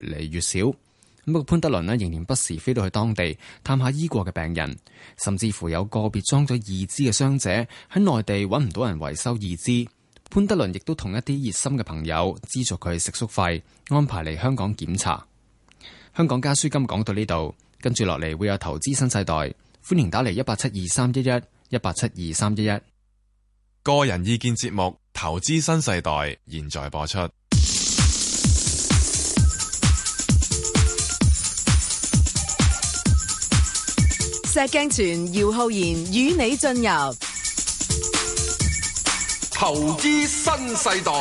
嚟越少，不過潘德倫呢仍然不時飛到去當地探下醫過嘅病人，甚至乎有個別裝咗義肢嘅傷者喺內地揾唔到人維修義肢，潘德倫亦都同一啲熱心嘅朋友資助佢食宿費，安排嚟香港檢查。香港家書今日講到呢度，跟住落嚟會有投資新世代，歡迎打嚟一八七二三一一一八七二三一一。個人意見節目《投資新世代》現在播出。石鏡泉姚浩然，與你進入投資新世代。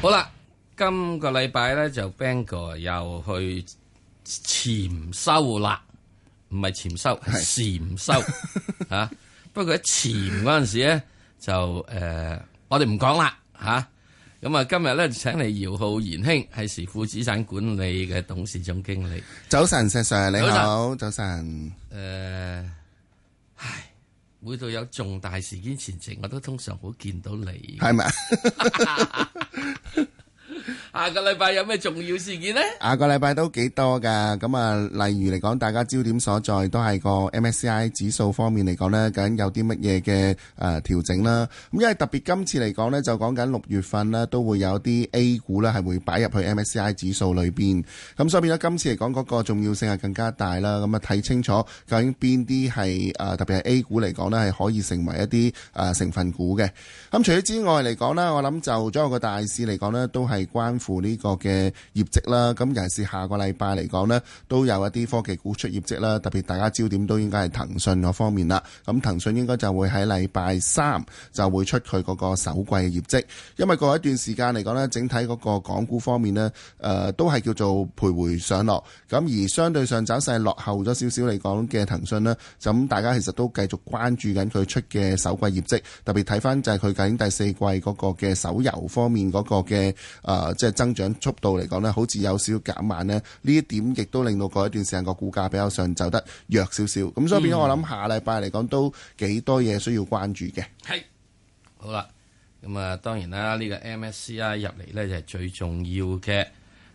好啦，今個禮拜咧就 Bangor 又去潛修啦。唔係潛收，係潛是收嚇、 啊。不過喺潛嗰陣時咧，就誒、呃，我哋唔講啦嚇。咁啊，嗯、今日咧請嚟姚浩然兄，係時富資產管理嘅董事總經理。早晨，石 Sir，你好，早晨、呃。唉，每度有重大事件前程，我都通常好見到你。係咪是嗎 下個禮拜有咩重要事件咧？下個禮拜都幾多噶，咁啊，例如嚟講，大家焦點所在都係個 MSCI 指數方面嚟講咧，究竟有啲乜嘢嘅誒調整啦。咁因為特別今次嚟講咧，就講緊六月份咧都會有啲 A 股咧係會擺入去 MSCI 指數裏邊。咁所以變咗今次嚟講嗰個重要性係更加大啦。咁啊睇清楚究竟邊啲係誒特別係 A 股嚟講咧係可以成為一啲誒成分股嘅。咁除咗之外嚟講咧，我諗就整個大市嚟講咧都係。關乎呢個嘅業績啦，咁尤其是下個禮拜嚟講呢都有一啲科技股出業績啦。特別大家焦點都應該係騰訊嗰方面啦。咁、嗯、騰訊應該就會喺禮拜三就會出佢嗰個首季嘅業績。因為過一段時間嚟講呢整體嗰個港股方面呢，誒、呃、都係叫做徘徊上落。咁而相對上走勢落後咗少少嚟講嘅騰訊呢，咁大家其實都繼續關注緊佢出嘅首季業績。特別睇翻就係佢究竟第四季嗰個嘅手遊方面嗰個嘅誒。呃啊、呃，即係增長速度嚟講呢，好似有少少減慢呢。呢一點亦都令到嗰一段時間個股價比較上走得弱少少。咁、嗯、所以變咗，我諗下禮拜嚟講都幾多嘢需要關注嘅。係好啦，咁、這個、啊，當然啦，呢個 MSCI 入嚟呢就係、是、最重要嘅。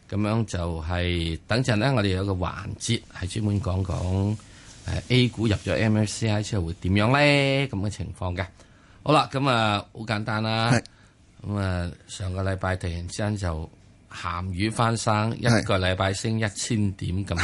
咁樣就係、是、等陣呢，我哋有個環節係專門講講誒、呃、A 股入咗 MSCI 之、啊、後會點樣咧？咁嘅情況嘅。好啦，咁啊，好簡單啦。咁啊，上個禮拜突然之間就鹹魚翻生，是一個禮拜升一千點咁大，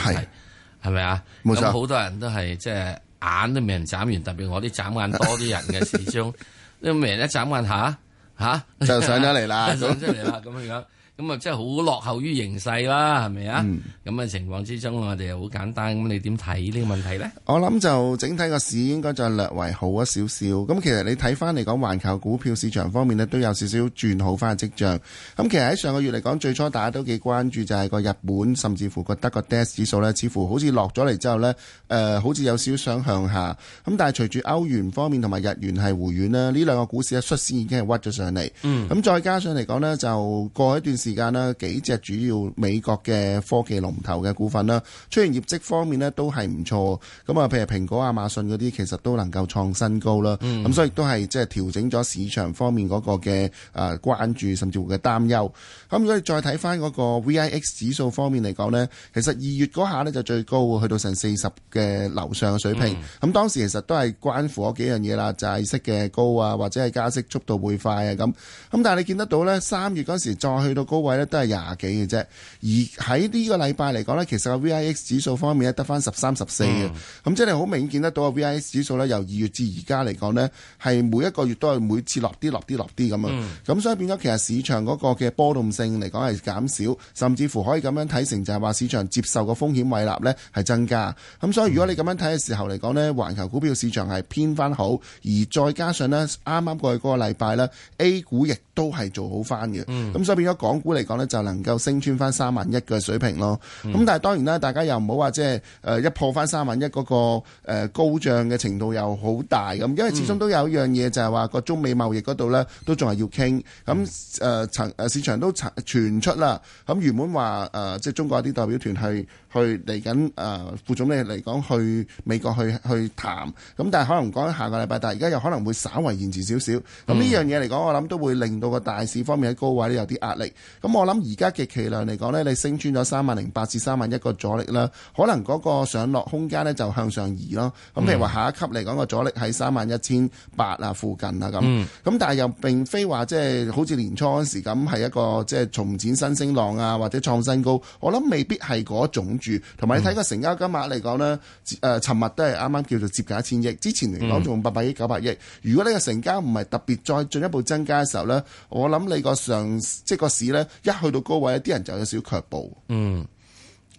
係咪是啊？咁好冇錯多人都係即係眼都未人眨完，特別我啲眨眼多啲人嘅， 始終都未人一眨眼下，嚇、啊啊、就上咗嚟啦， 上咗嚟啦咁樣樣。咁啊，即係好落後於形勢啦，係咪啊？咁嘅、嗯、情況之中，我哋又好簡單。咁你點睇呢個問題呢？我諗就整體個市應該就略為好咗少少。咁其實你睇翻嚟講環球股票市場方面咧，都有少少轉好翻嘅跡象。咁其實喺上個月嚟講，最初大家都幾關注就係、是、個日本，甚至乎個德個 DAX 指數呢，似乎好似落咗嚟之後呢，誒、呃，好似有少少想向下。咁但係隨住歐元方面同埋日元係回軟啦，呢兩個股市一率先已經係屈咗上嚟。咁、嗯、再加上嚟講呢，就過一段時。時間啦，幾隻主要美國嘅科技龍頭嘅股份啦，雖然業績方面咧都係唔錯，咁啊，譬如蘋果、亞馬遜嗰啲，其實都能夠創新高啦。咁所以都係即係調整咗市場方面嗰個嘅啊關注，甚至乎嘅擔憂。咁如果再睇翻嗰個 VIX 指數方面嚟講咧，其實二月嗰下咧就最高，去到成四十嘅樓上嘅水平。咁當時其實都係關乎嗰幾樣嘢啦，就係債息嘅高啊，或者係加息速度會快啊咁。咁但係你見得到咧，三月嗰時再去到高。位都係廿幾嘅啫，而喺呢個禮拜嚟講呢，其實個 VIX 指數方面咧得翻十三十四嘅，咁、嗯、即係好明顯見得到個 VIX 指數呢，由二月至而家嚟講呢係每一個月都係每次落啲落啲落啲咁啊，咁、嗯、所以變咗其實市場嗰個嘅波動性嚟講係減少，甚至乎可以咁樣睇成就係話市場接受嘅風險胃納呢係增加，咁、嗯、所以如果你咁樣睇嘅時候嚟講呢，環球股票市場係偏翻好，而再加上呢，啱啱過去嗰個禮拜呢 A 股亦都係做好翻嘅，咁、嗯、所以變咗講。股嚟講呢，就能夠升穿翻三萬一嘅水平咯，咁、嗯、但係當然啦，大家又唔好話即係誒一破翻三萬一嗰、個誒、呃、高漲嘅程度又好大咁，因為始終都有一樣嘢就係話個中美貿易嗰度呢，都仲係要傾，咁誒層誒市場都傳傳出啦，咁原本話誒即係中國一啲代表團去去嚟緊誒副總理嚟講去美國去去談，咁但係可能講下個禮拜，但係而家又可能會稍為延遲少少，咁呢、嗯、樣嘢嚟講，我諗都會令到個大市方面喺高位咧有啲壓力。咁我諗而家嘅期量嚟講呢，你升穿咗三萬零八至三萬一個阻力啦，可能嗰個上落空間呢就向上移咯。咁譬如話下一級嚟講個阻力喺三萬一千八啊附近啊咁。咁、嗯、但係又並非話即係好似年初嗰時咁係一個即係重展新升浪啊，或者創新高。我諗未必係嗰種住。同埋你睇個成交金額嚟講呢，誒尋日都係啱啱叫做接近一千億，之前嚟講仲八百億九百億。如果呢個成交唔係特別再進一步增加嘅時候呢，我諗你個上即係個市咧。一去到高位，啲人就有少卻步。嗯，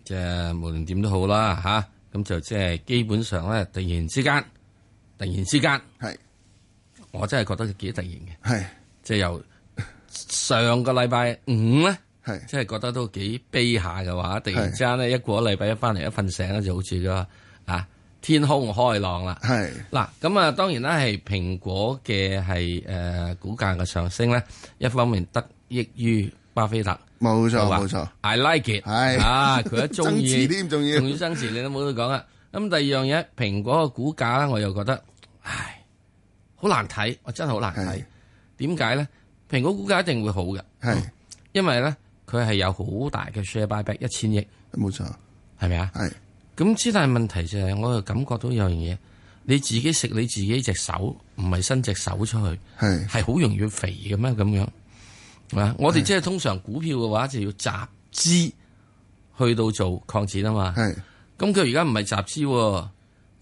即係無論點都好啦，吓，咁就即係基本上咧，突然之間，是突然之間，係我真係覺得幾突然嘅。係即係由上個禮拜五咧，係即係覺得都幾悲下嘅話，突然之間咧，一過咗禮拜一翻嚟，一瞓醒咧，就好似個啊天空開朗啦。係嗱是，咁啊，當然啦，係蘋果嘅係誒股價嘅上升咧，一方面得益於。巴菲特冇錯冇錯，I like it，係是啊，佢一中意，仲 要,要增持你都冇得講啦。咁第二樣嘢，蘋果嘅股價咧，我又覺得，唉，好難睇，我真係好難睇。點解咧？蘋果股價一定會好嘅，係是，因為咧，佢係有好大嘅 share buy back，一千億，冇錯錯，係咪啊？係是。咁之但係問題就係、是，我又感覺到有樣嘢，你自己食你自己隻手，唔係伸隻手出去，係，係好容易肥嘅咩？咁樣。係嘛？我哋即係通常股票嘅話，就要集資去到做擴展啊嘛。係的，咁佢而家唔係集資，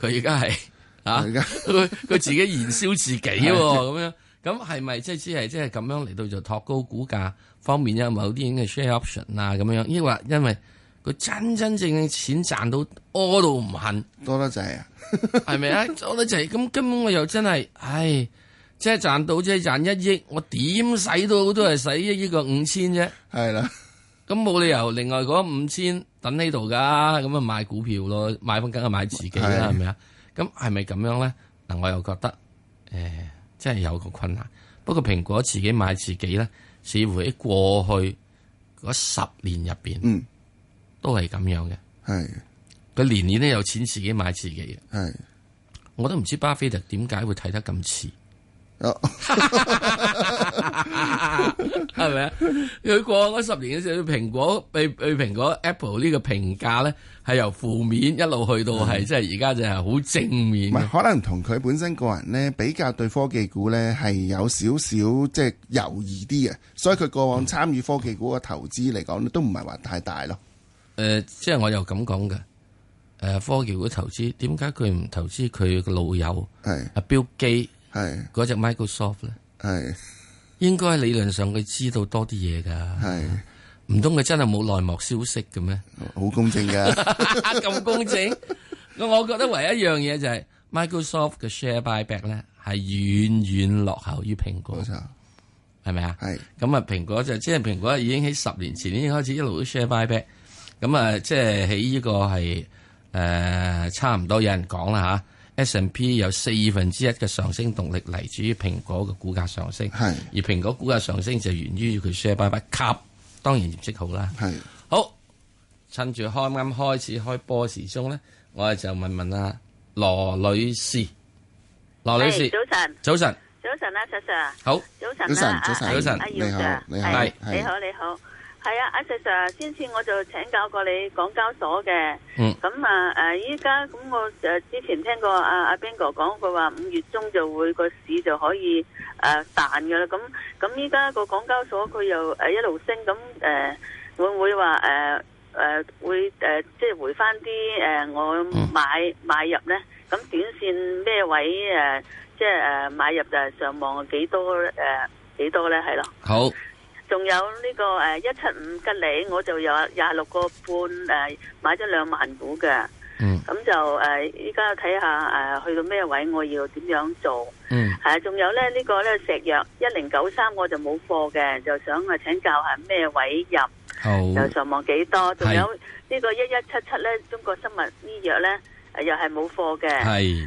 佢而家係啊，佢佢 自己燃燒自己咁的樣。咁係咪即係只係即係咁樣嚟到就托高股價方面有某啲嘢嘅 share option 啊？咁樣，抑或因為佢真真正正錢賺到屙到唔恨，多得滯啊？係咪啊？多得滯，咁根本我又真係，唉。即係賺到，即係賺一億，我點使都都係使一億個五千啫。係啦的，咁冇理由另外嗰五千等呢度噶，咁啊買股票咯，買翻梗係買自己啦，係咪啊？咁係咪咁樣咧？嗱，我又覺得誒，即、欸、係有個困難。不過蘋果自己買自己咧，似乎喺過去嗰十年入邊，嗯，都係咁樣嘅。係佢的年年都有錢自己買自己嘅。係的我都唔知巴菲特點解會睇得咁遲。哦，係咪啊？佢過往十年嘅時候，蘋果被被蘋果 Apple 呢個評價呢，係由負面一路去到係，即係而家就係好正面，嗯。可能同佢本身個人呢比較對科技股呢，係、就是、有少少即係猶豫啲嘅，所以佢過往參與科技股嘅投資嚟講，都唔係話太大咯。誒、嗯，即、就、係、是、我又咁講嘅，誒，科技股投資點解佢唔投資佢老友係阿標基？是係嗰隻 Microsoft 咧，係應該理論上佢知道多啲嘢噶。係唔通佢真係冇內幕消息嘅咩？好公正噶，咁 公正。我 我覺得唯一一樣嘢就係 Microsoft 嘅 share buyback 咧，係遠遠落後於蘋果，係咪啊？係咁啊！蘋是果就即係蘋果已經喺十年前已經開始一路都 share buyback，咁啊，即係喺呢個係誒差唔多有人講啦吓。S&P 有四分之一嘅上升動力嚟自於蘋果嘅股價上升，是而蘋果股價上升就源於佢 share buyback，當然業績好啦。是好，趁住啱啱開始開，開波時鐘咧，我哋就問問阿羅女士，羅女士，早晨，早晨，早晨啊，石 Sir，好，早晨，啊、早晨，早晨，早晨，你好，你你好，你好。係啊，阿 Sir，上次我就請教過你港交所嘅，咁啊，誒，依家咁我誒之前聽過阿阿 Ben 哥講句話，五月中就會個市就可以誒彈嘅啦。咁咁依家個港交所佢又誒一路升，咁誒會唔會話誒誒會誒即係回翻啲誒我買買入咧？咁短綫咩位誒即係誒買入誒上望幾多誒幾多咧？係咯？好。仲有呢個誒一七五吉利，我就有廿六個半誒買咗兩萬股嘅，咁、嗯、就誒依家睇下誒去到咩位，我要點樣做誒？仲、嗯、有咧呢個咧石藥一零九三，我就冇貨嘅，就想誒請教下咩位入又上望幾多？仲有個呢個一一七七咧，中國生物醫藥咧又係冇貨嘅。嗯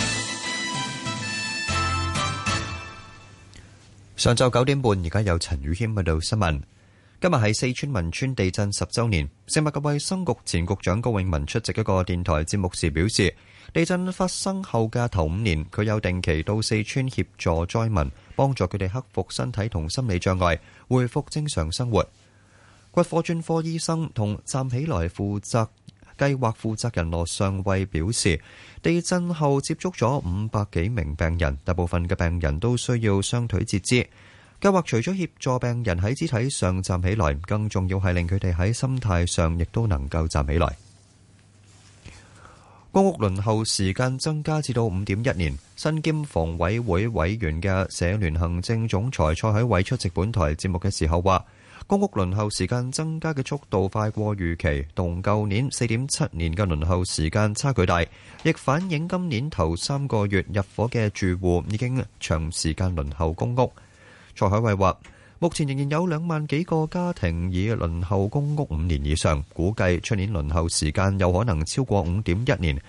上晝九點半，而家有陳宇謙報道新聞。今日係四川汶川地震十周年，食物及衛生局前局長高永文出席一個電台節目時表示，地震發生後嘅頭五年，佢有定期到四川協助災民，幫助佢哋克服身體同心理障礙，恢復正常生活。骨科專科醫生同站起來負責。計劃負責人羅尚偉表示，地震後接觸咗五百幾名病人，大部分嘅病人都需要雙腿截肢。計劃除咗協助病人喺肢體上站起來，更重要係令佢哋喺心態上亦都能夠站起來。公屋輪候時間增加至到五點一年，身兼房委會委員嘅社聯行政總裁蔡海偉出席本台節目嘅時候話。公屋輪候時間增加嘅速度快過預期，同舊年四點七年嘅輪候時間差距大，亦反映今年頭三個月入伙嘅住戶已經長時間輪候公屋。蔡海偉話：目前仍然有兩萬幾個家庭已輪候公屋五年以上，估計出年輪候時間有可能超過五點一年。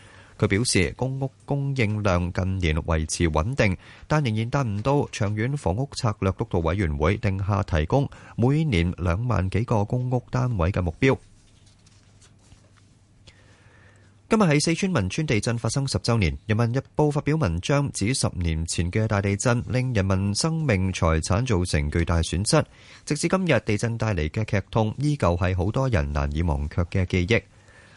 佢表示，公屋供應量近年維持穩定，但仍然達唔到長遠房屋策略督導委員會定下提供每年兩萬幾個公屋單位嘅目標。今日喺四川汶川地震發生十週年，人民日報發表文章指，十年前嘅大地震令人民生命財產造成巨大損失，直至今日，地震帶嚟嘅劇痛，依舊係好多人難以忘卻嘅記憶。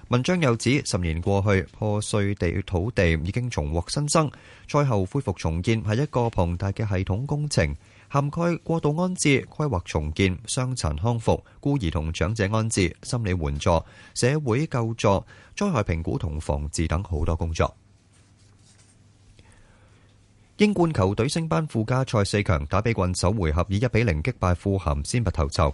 文章又指，十年過去，破碎地土地已經重獲新生。災後恢復重建係一個龐大嘅系統工程，涵蓋過渡安置、規劃重建、傷殘康復、孤兒同長者安置、心理援助、社會救助、災害評估同防治等好多工作。英冠球隊升班附加賽四強打比郡首回合以一比零擊敗富咸，先拔頭籌。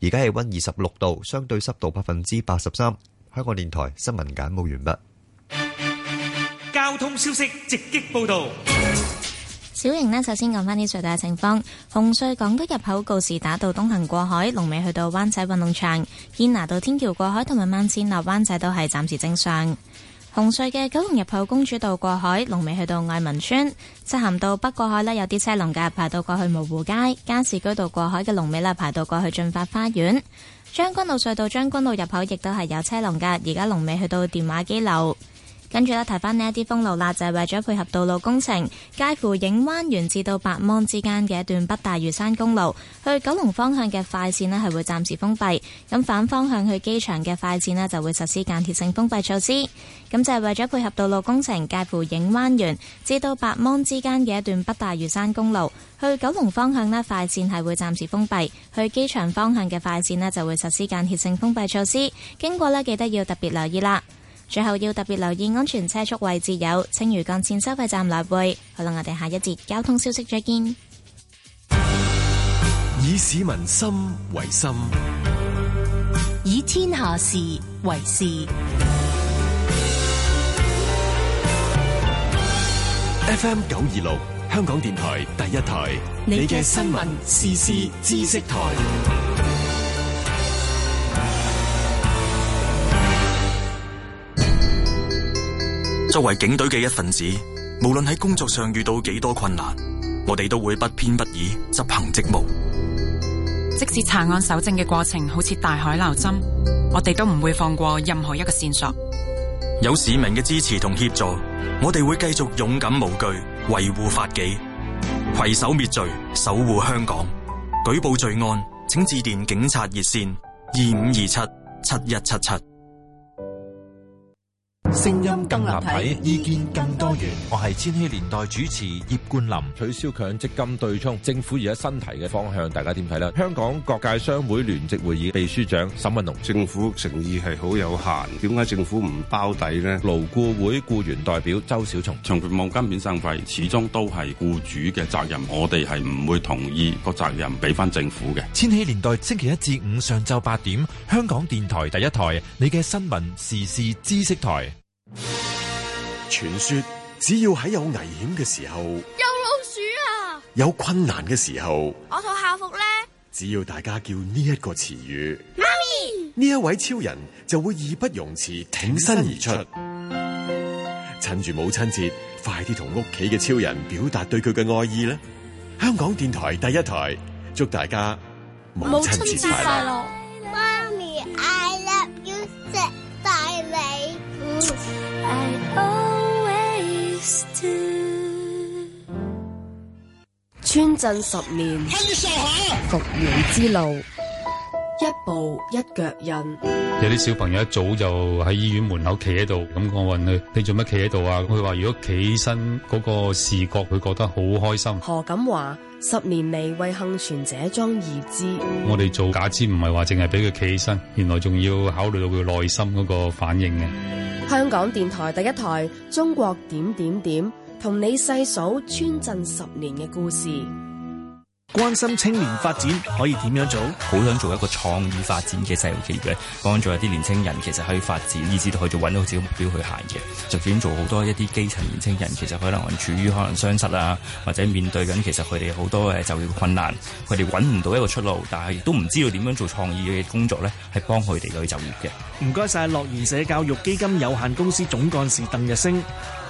而家氣溫二十六度，相對濕度百分之八十三。香港電台新聞簡報完畢。交通消息直擊報道。小瑩呢，首先講翻啲最大嘅情況。紅隧港島入口告士打道東行過海，龍尾去到灣仔運動場、堅拿道天橋過海同埋萬千落灣仔都係暫時正常。紅隧嘅九龍入口公主道過海，龍尾去到愛民村，出行到北過海呢有啲車龍噶，排到過去蕪湖街。加士居道過海嘅龍尾呢排到過去駿發花園。將軍澳隧道將軍澳入口亦都係有車龍噶，而家龍尾去到電話機樓。跟住呢，提翻呢一啲封路啦，就係為咗配合道路工程，介乎影灣園至到白芒之間嘅一段北大嶼山公路去九龍方向嘅快線呢，係會暫時封閉。咁反方向去機場嘅快線呢，就會實施間歇性封閉措施。咁就係為咗配合道路工程，介乎影灣園至到白芒之間嘅一段北大嶼山公路去九龍方向呢，快線係會暫時封閉；去機場方向嘅快線呢，就會實施間歇性封閉措施。經過呢，記得要特別留意啦。最後要特別留意安全車速位置有青嶼幹線收費站立會，好啦，我哋下一節交通消息再見。以市民心為心，以天下事為事。FM 九二六，香港電台第一台，你嘅新聞時事知識台。作為警隊嘅一份子，無論喺工作上遇到幾多困難，我哋都會不偏不倚執行職務。即使查案搜證嘅過程好似大海撈針，我哋都唔會放過任何一個線索。有市民嘅支持同協助，我哋會繼續勇敢無懼，維護法紀，携手滅罪，守護香港。舉報罪案，請致電警察熱線二五二七七一七七。7聲音更立體，意見更多元。我係千禧年代主持葉冠霖。取消強積金對沖，政府而家新提嘅方向，大家點睇呢？香港各界商會聯席會議秘書長沈文龍：政府誠意係好有限，點解政府唔包底呢？勞顧會僱員代表周小松：長服務金遣散費，始終都係雇主嘅責任，我哋係唔會同意個責任俾翻政府嘅。千禧年代星期一至五上晝八點，香港電台第一台，你嘅新聞時事知識台。傳說只要喺有危險嘅時候，有老鼠啊！有困難嘅時候，我套校服咧。只要大家叫呢一個詞語，媽咪，呢一位超人就會義不容辭挺身而出。趁住母親節，快啲同屋企嘅超人表達對佢嘅愛意啦！香港電台第一台祝大家母親節快樂。I always do. 村鎮十年，下，復原之路， 一步一腳印。有啲小朋友一早就喺醫院門口企喺度，咁我問佢：你做乜企喺度啊？佢話：如果企身嗰個視覺，佢覺得好開心。何錦華。十年嚟，為幸存者裝義肢，我哋做假肢唔係話淨係俾佢企起身，原來仲要考慮到佢內心嗰個反應嘅。香港電台第一台《中國點點點》，同你細數村鎮十年嘅故事。關心青年發展可以點樣做？好想做一個創意發展嘅社會企業，幫助一啲年青人，其實可以發展，以致到可以做揾到自己目標去行嘅。就算做好多一啲基層年青人，其實可能我處於可能相失啊，或者面對緊其實佢哋好多嘅就業困難，佢哋揾唔到一個出路，但係亦都唔知道點樣做創意嘅工作咧，係幫佢哋去就業嘅。唔該晒，樂園社教育基金有限公司總幹事鄧日升。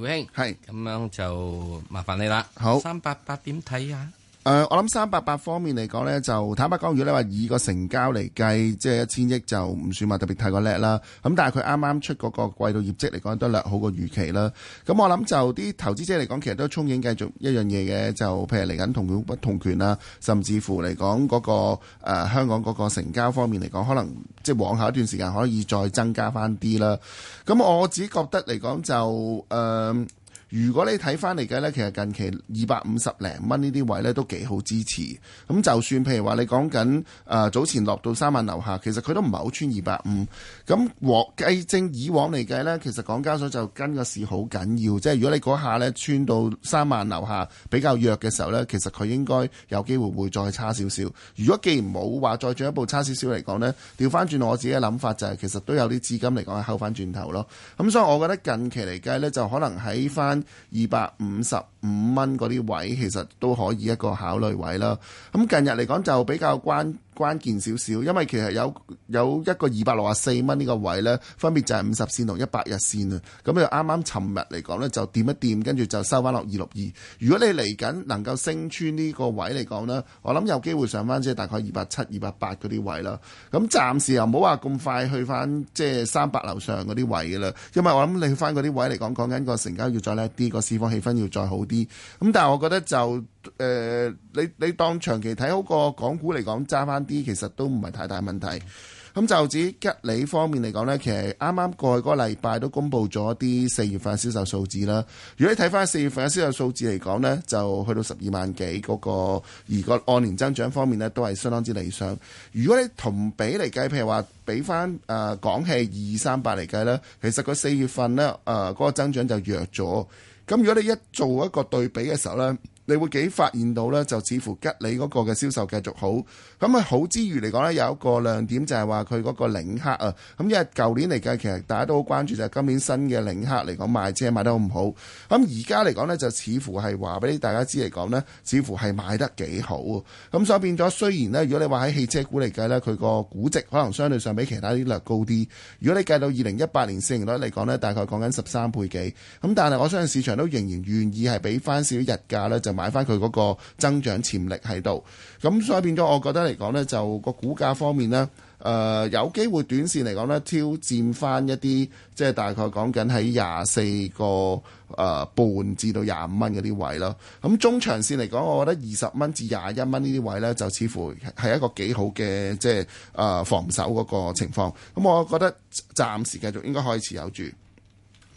老兄，係咁喂是樣就麻煩你啦。好，三八八點睇啊？誒、呃，我諗三八八方面嚟講呢，就坦白講，如果你話以個成交嚟計，即係一千億就唔算話特別太過叻啦。咁但係佢啱啱出嗰個季度業績嚟講都略好過預期啦。咁、嗯、我諗就啲投資者嚟講，其實都憧憬繼續一樣嘢嘅，就譬如嚟緊同股不同權啊，甚至乎嚟講嗰個誒、呃、香港嗰個成交方面嚟講，可能即係往後一段時間可以再增加翻啲啦。咁、嗯、我自己覺得嚟講就誒。呃如果你睇翻嚟計呢，其實近期二百五十零蚊呢啲位呢都幾好支持。咁就算譬如話你講緊誒、呃、早前落到三萬樓下，其實佢都唔係好穿二百五。咁和計正以往嚟計呢，其實港交所就跟個市好緊要。即係如果你嗰下呢穿到三萬樓下比較弱嘅時候呢，其實佢應該有機會會再差少少。如果既然冇話再進一步差少少嚟講呢，調翻轉我自己嘅諗法就係、是、其實都有啲資金嚟講係後翻轉頭咯。咁所以我覺得近期嚟計呢，就可能喺翻，二百五十五蚊嗰啲位，其實都可以一個考慮位啦。咁近日嚟講就比較關。關鍵少少，因為其實有有一個二百六十四蚊呢個位呢，分別就係五十線同一百日線啊。咁就啱啱尋日嚟講呢，就掂一掂，跟住就收翻落二六二。如果你嚟緊能夠升穿呢個位嚟講呢，我諗有機會上翻即係大概二百七、二百八嗰啲位啦。咁暫時又唔好話咁快去翻即係三百樓上嗰啲位噶啦，因為我諗你去翻嗰啲位嚟講，講緊個成交要再叻啲，個市況氣氛要再好啲。咁但係我覺得就誒、呃，你你當長期睇好個港股嚟講，揸翻啲其實都唔係太大問題。咁就至於吉利方面嚟講呢，其實啱啱過去嗰個禮拜都公布咗啲四月份嘅銷售數字啦。如果你睇翻四月份嘅銷售數字嚟講呢，就去到十二萬幾嗰，那個，而個按年增長方面呢，都係相當之理想。如果你同比嚟計，譬如話比翻誒港幣二三百嚟計呢，其實個四月份呢，誒、呃、嗰、那個增長就弱咗。咁如果你一做一個對比嘅時候呢，你會幾發現到呢，就似乎吉利嗰個嘅銷售繼續好。咁啊好之餘嚟講呢，有一個亮點就係話佢嗰個領克啊！咁因為舊年嚟計，其實大家都好關注就係今年新嘅領克嚟講賣車賣得好唔好。咁而家嚟講呢，就似乎係話俾大家知嚟講呢，似乎係賣得幾好。咁所以變咗，雖然呢，如果你話喺汽車股嚟計呢，佢個估值可能相對上比其他啲略高啲。如果你計到二零一八年市盈率嚟講呢，大概講緊十三倍幾。咁但係我相信市場都仍然願意係俾翻少少日價呢，就買翻佢嗰個增長潛力喺度。咁所以變咗，我覺得嚟講呢，就個股價方面呢，誒、呃、有機會短線嚟講呢，挑戰翻一啲，即係大概講緊喺廿四個誒半至到廿五蚊嗰啲位咯。咁、嗯、中長線嚟講，我覺得二十蚊至廿一蚊呢啲位呢，就似乎係一個幾好嘅，即係誒、呃、防守嗰個情況。咁、嗯、我覺得暫時繼續應該可以持有住。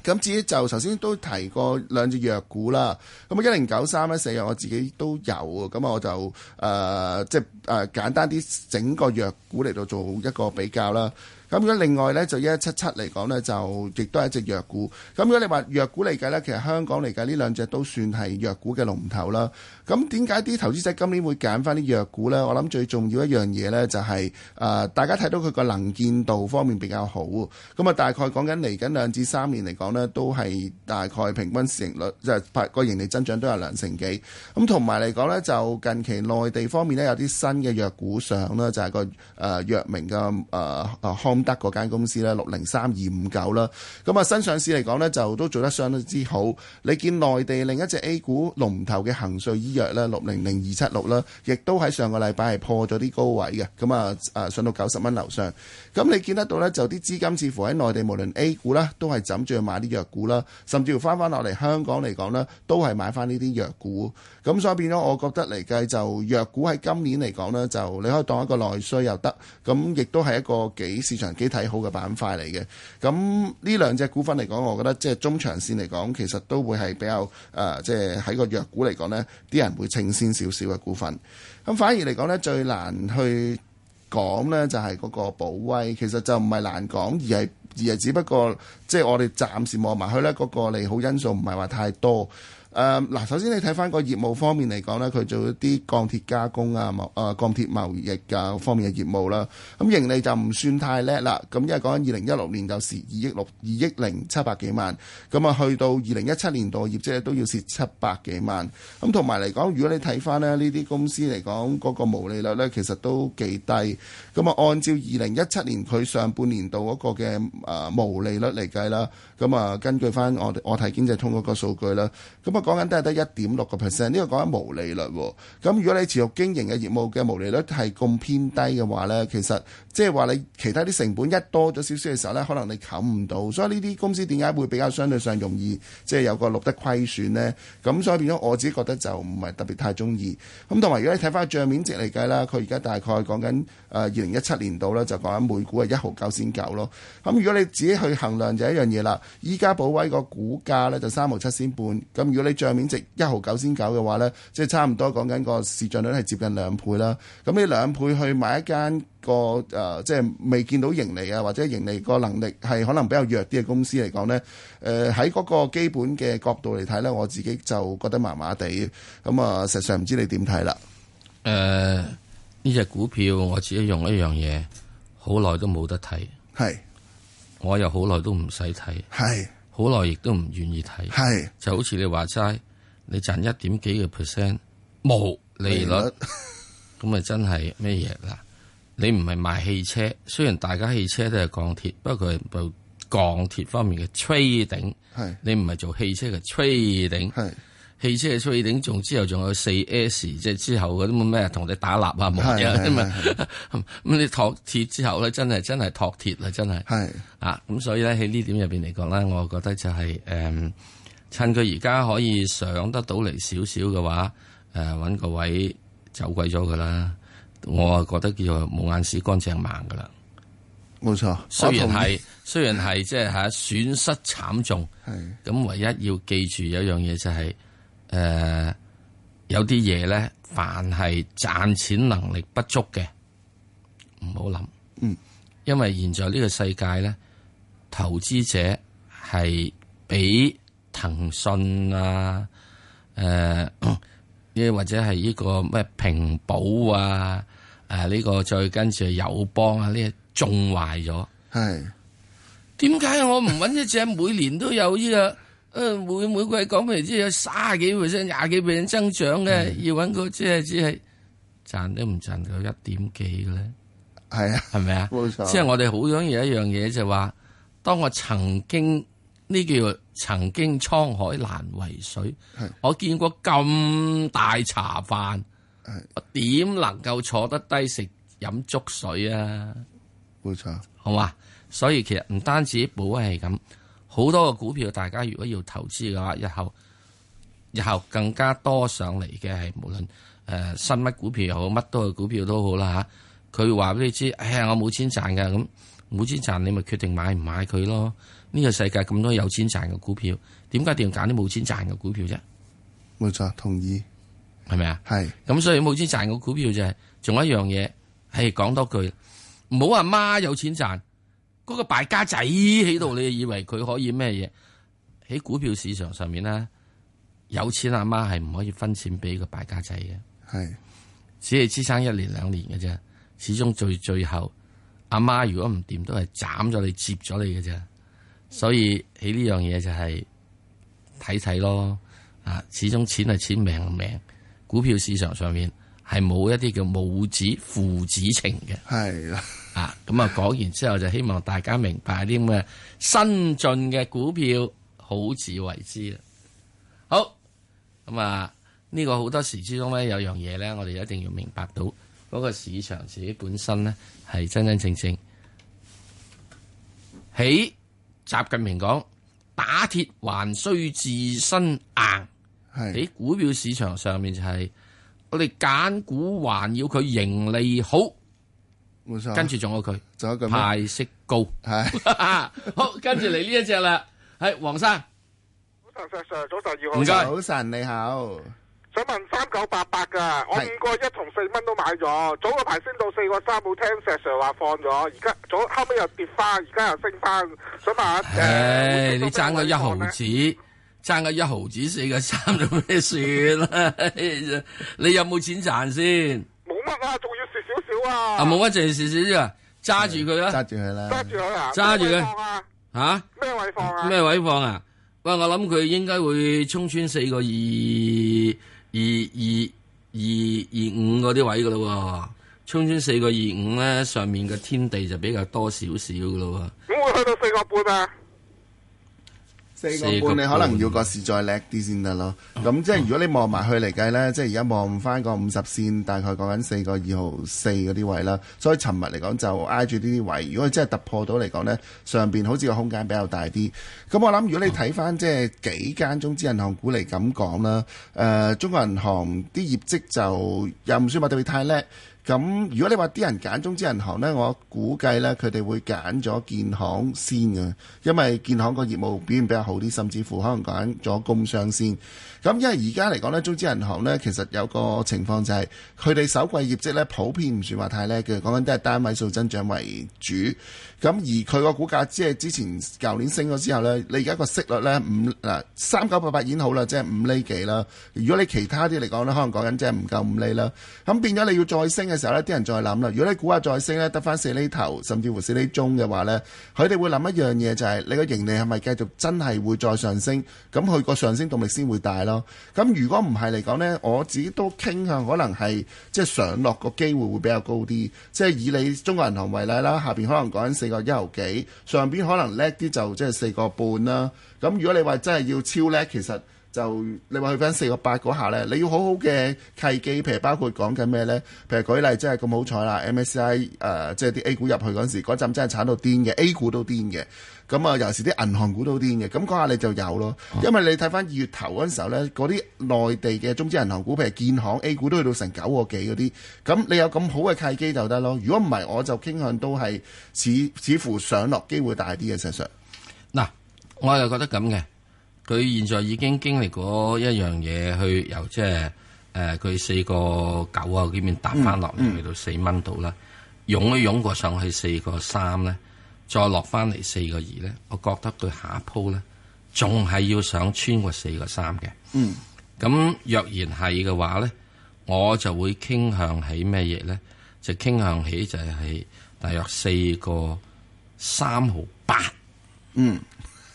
咁至於就頭先都提過兩隻藥股啦，咁啊一零九三一四日我自己都有，咁我就誒、呃、即係誒、呃、簡單啲整個藥股嚟到做一個比較啦。咁如果另外咧就一一七七嚟講咧，就亦都係一隻弱股。咁如果你話弱股嚟計咧，其實香港嚟計呢兩隻都算係弱股嘅龍頭啦。咁點解啲投資者今年會揀翻啲弱股咧？我諗最重要一樣嘢咧，就係誒大家睇到佢個能見度方面比較好。咁啊大概講緊嚟緊兩至三年嚟講咧，都係大概平均成率，即係個盈利增長都有兩成幾。咁同埋嚟講咧，就近期內地方面咧有啲新嘅弱股上咧，就係個誒藥明嘅誒誒康。得嗰間公司咧，六零三二五九啦，咁啊新上市嚟講呢，就都做得相當之好。你見內地另一隻 A 股龍頭嘅恒瑞醫藥呢，六零零二七六啦，亦都喺上個禮拜係破咗啲高位嘅，咁啊啊上到九十蚊樓上。咁你見得到呢，就啲資金似乎喺內地，無論 A 股啦，都係枕住去買啲藥股啦，甚至乎翻翻落嚟香港嚟講咧，都係買翻呢啲藥股。咁所以變咗，我覺得嚟計就藥股喺今年嚟講呢，就你可以當一個內需又得，咁亦都係一個幾市場幾睇好嘅板塊嚟嘅。咁呢兩隻股份嚟講，我覺得即係中長線嚟講，其實都會係比較誒，即係喺個藥股嚟講呢，啲人會稱先少少嘅股份。咁反而嚟講呢，最難去講呢就係嗰個保威，其實就唔係難講，而係而係只不過即係、就是、我哋暫時望埋去呢，嗰、嗰個利好因素唔係話太多。誒嗱，首先你睇翻個業務方面嚟講咧，佢做一啲鋼鐵加工啊、貿誒鋼鐵貿易啊方面嘅業務啦。咁盈利就唔算太叻啦。咁因為講緊二零一六年就蝕二億六二億零七百幾萬，咁啊去到二零一七年度業績都要蝕七百幾萬。咁同埋嚟講，如果你睇翻咧呢啲公司嚟講嗰個毛利率呢其實都幾低。咁啊，按照二零一七年佢上半年度嗰個嘅誒毛利率嚟計啦，咁啊根據翻我哋我睇經濟通嗰個數據啦，咁啊。講緊都係得一點六個 percent，呢個講緊毛利率喎。咁如果你持續經營嘅業務嘅毛利率係咁偏低嘅話呢，其實即係話你其他啲成本一多咗少少嘅時候呢，可能你冚唔到。所以呢啲公司點解會比較相對上容易即係、就是、有個錄得虧損呢？咁所以變咗我自己覺得就唔係特別太鍾意。咁同埋如果你睇翻個帳面值嚟計啦，佢而家大概講緊誒二零一七年度呢，就講緊每股係一毫九先九咯。咁如果你自己去衡量就一樣嘢啦，依家寶威個股價呢，就三毫七先半。咁如果你賬面值一毫九先九嘅話呢，即係差唔多講緊個市賬率係接近兩倍啦。咁呢兩倍去買一間個誒、呃，即係未見到盈利啊，或者盈利個能力係可能比較弱啲嘅公司嚟講呢。誒喺嗰個基本嘅角度嚟睇呢，我自己就覺得麻麻地。咁啊，實際上唔知你點睇啦。誒、呃，呢隻股票我自己用一樣嘢，好耐都冇得睇。係是，我又好耐都唔使睇。係是。好耐亦都唔願意睇，是就好似你話齋，你賺一點幾個 percent 冇利率，咁咪不 真係咩嘢啦？你唔係賣汽車，雖然大家汽車都係鋼鐵，不過佢係做鋼鐵方面嘅 trading，是你唔係做汽車嘅 trading 是。汽車出去頂重，之後仲有四 S，即係之後嗰啲冇咩同你打蠟啊，冇嘢之嘛。咁你托鐵之後咧，真係真係托鐵啦，真係。係啊，咁所以咧喺呢點入邊嚟講咧，我覺得就係誒，趁佢而家可以上得到嚟少少嘅話，誒揾個位走鬼咗嘅啦。我啊覺得叫做冇眼屎乾淨盲嘅啦。冇錯，雖然係雖然係即係嚇損失慘重，係咁唯一要記住有一樣嘢就係。誒，uh, 有啲嘢咧，凡係賺錢能力不足嘅，唔好諗。嗯，因為現在呢個世界咧，投資者係俾騰訊啊，誒、呃，亦或者係呢、這個咩平保啊，誒、啊、呢、這個再跟住友邦啊呢，縱壞咗。係是，點解我唔揾一隻每年都有呢、這個？ 誒，每每個季講譬如有卅幾倍 e 廿幾倍 e 增長嘅，的要揾個即係只係賺都唔賺到一點幾咧？係啊的，係咪啊？冇錯。即係我哋好重要一樣嘢就話，當我曾經呢叫曾經滄海難為水，的我見過咁大茶飯，的我點能夠坐得低食飲粥水啊？冇錯。好嘛，所以其實唔單止保係咁。好多嘅股票，大家如果要投資嘅話，日後日後更加多上嚟嘅係無論誒、呃、新乜股票又好，乜都嘅股票都好啦吓。佢話俾你知，哎呀我冇錢賺嘅，咁冇錢賺你咪決定買唔買佢咯。呢、這個世界咁多有錢賺嘅股票，點解一定要揀啲冇錢賺嘅股票啫？冇錯，同意，係咪啊？係。咁是所以冇錢賺嘅股票就係、是、仲有一樣嘢，係講多句，唔好話媽有錢賺。嗰個敗家仔喺度，你以為佢可以咩嘢？喺股票市場上面咧，有錢阿媽係唔可以分錢俾個敗家仔嘅，係是的 只係支撐一年兩年嘅啫。始終最最後，阿媽如果唔掂，都係斬咗你，接咗你嘅啫。所以喺呢樣嘢就係睇睇咯啊，始終錢係錢，命係命，股票市場上面係冇一啲叫母子父子情嘅。係啊。啊，咁啊講完之後就希望大家明白啲咁嘅新進嘅股票，好自為之啦。好，咁啊呢個好多時之中咧，有樣嘢咧，我哋一定要明白到嗰個市場自己本身咧係真真正正。喺習近平講打鐵還需自身硬，喺是股票市場上面就係、是、我哋揀股，還要佢盈利好。跟住仲有佢，派息高係好，跟住嚟呢一隻啦，係黃生，早晨早晨你好，早晨你好，想問三九八八噶，我五個一同四蚊都買咗，早個排升到四個三，冇聽石 Sir 話放咗，而家早後尾又跌翻，而家又升翻，想問下誒，你爭個一毫子，爭個一毫子四個三做咩算啊？你有冇錢賺先？冇乜啊，仲要。啊冇一正事少少啊，揸住佢啦，揸住佢啦，揸住佢，啊，揸住佢！吓咩位放啊？咩、啊、位，放啊，啊位放啊？喂，我諗佢應該會衝穿四個二二二二二五嗰啲位噶咯喎，衝穿四個二五咧，上面嘅天地就比較多少少噶咯喎。會唔會去到四個半啊？四個半你可能要個市再叻啲先得咯。咁、哦、即係如果你望埋去嚟計呢，哦、即係而家望翻個五十線，大概講緊四個二號四嗰啲位啦。所以尋日嚟講就挨住呢啲位。如果你真係突破到嚟講呢，上邊好似個空間比較大啲。咁我諗如果你睇翻、哦、即係幾間中資銀行股嚟咁講啦，誒、呃、中國銀行啲業績就又唔算話特別太叻。咁如果你話啲人揀中資銀行呢，我估計呢，佢哋會揀咗建行先嘅，因為建行個業務表現比較好啲，甚至乎可能揀咗工商先。咁因為而家嚟講呢，中資銀行呢，其實有個情況就係佢哋首季業績呢，普遍唔算話太叻嘅，講緊都係單位數增長為主。咁而佢個股價即係之前舊年升咗之後呢，你而家個息率呢，五嗱三九八八已經好啦，即係五厘幾啦。如果你其他啲嚟講呢，可能講緊即係唔夠五厘啦。咁變咗你要再升嘅時候呢，啲人再諗啦。如果你股價再升呢，得翻四厘頭甚至乎四厘中嘅話呢，佢哋會諗一樣嘢就係你個盈利係咪繼續真係會再上升？咁佢個上升動力先會大咯。咁如果唔係嚟講呢，我自己都傾向可能係即係上落個機會會比較高啲，即係以你中國銀行為例啦，下邊可能講緊四個一毫幾，上邊可能叻啲就即係四個半啦。咁如果你話真係要超叻，其實～就你話去翻四個八嗰下呢，你要好好嘅契機，譬如包括講緊咩呢？譬如舉例，真係咁好彩啦！MSCI 誒、呃，即係啲 A 股入去嗰時嗰陣真，真係炒到癲嘅，A 股都癲嘅。咁啊，尤其係啲銀行股都癲嘅。咁嗰下你就有咯，因為你睇翻二月頭嗰陣時候呢，嗰啲內地嘅中資銀行股，譬如建行 A 股都去到成九個幾嗰啲。咁你有咁好嘅契機就得咯。如果唔係，我就傾向都係似似乎上落機會大啲嘅。石 Sir，嗱，我就覺得咁嘅。佢現在已經經歷過一樣嘢，去由即係誒佢四個九啊，嗰邊搭翻落嚟去到四蚊度啦，湧、嗯、一湧過上去四個三咧，再落翻嚟四個二咧，我覺得佢下一鋪咧仲係要想穿過四個三嘅。嗯，咁若然係嘅話咧，我就會傾向起咩嘢咧？就傾向起就係大約四個三毫八。嗯。嗯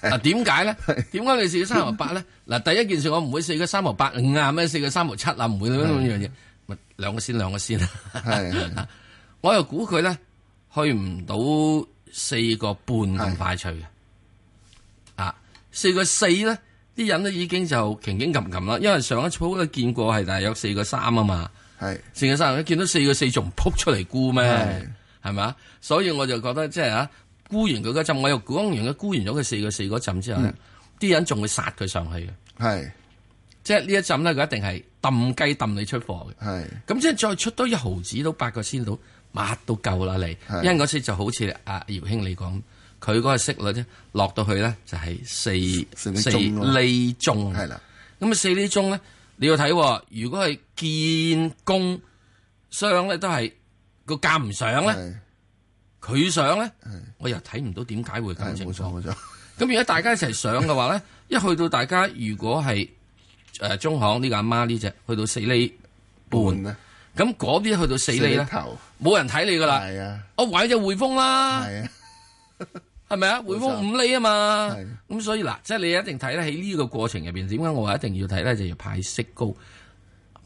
嗱，點解咧？點解 你四個三毫八咧？嗱、啊，第一件事我唔會四個三毫八五、啊，五廿咩？四個三毫七啊，唔會咁是的 樣樣嘢。咪兩個先，兩個先啊！是的 啊我又估佢咧去唔到四個半咁快脆嘅。是的 啊，四個四咧，啲人都已經就緊緊冚冚啦，因為上一鋪都見過係大約四個三啊嘛。係四個三，你見到四個四仲唔撲出嚟估咩？係咪啊？所以我就覺得即係啊。就是沽完佢嗰陣，我又沽完佢，沽完咗佢四個四嗰陣之後咧，啲、嗯、人仲會殺佢上去嘅。係是，即係呢一陣咧，佢一定係抌雞抌你出貨嘅。係是，咁即係再出多一毫子都八個先到，乜都夠啦你。因為嗰時就好似阿姚兄你講，佢嗰個息率咧落到去咧就係四四釐鐘，啊。係啦，咁啊的四厘鐘咧，你要睇，如果係見工商咧都係個價唔上咧。佢上咧，的我又睇唔到點解會咁情況。冇錯，咁如果大家一齊上嘅話咧， 一去到大家如果係誒中行呢個阿媽呢隻、這個，去到四厘半咧，咁嗰啲去到四厘咧，冇人睇你噶啦。係的啊，我揾咗匯豐啦。係啊的，係咪啊？ 匯豐五厘啊嘛。係 的。咁所以嗱，即、就、係、是、你一定睇得起呢個過程入邊。點解我話一定要睇咧？就是、要派息高。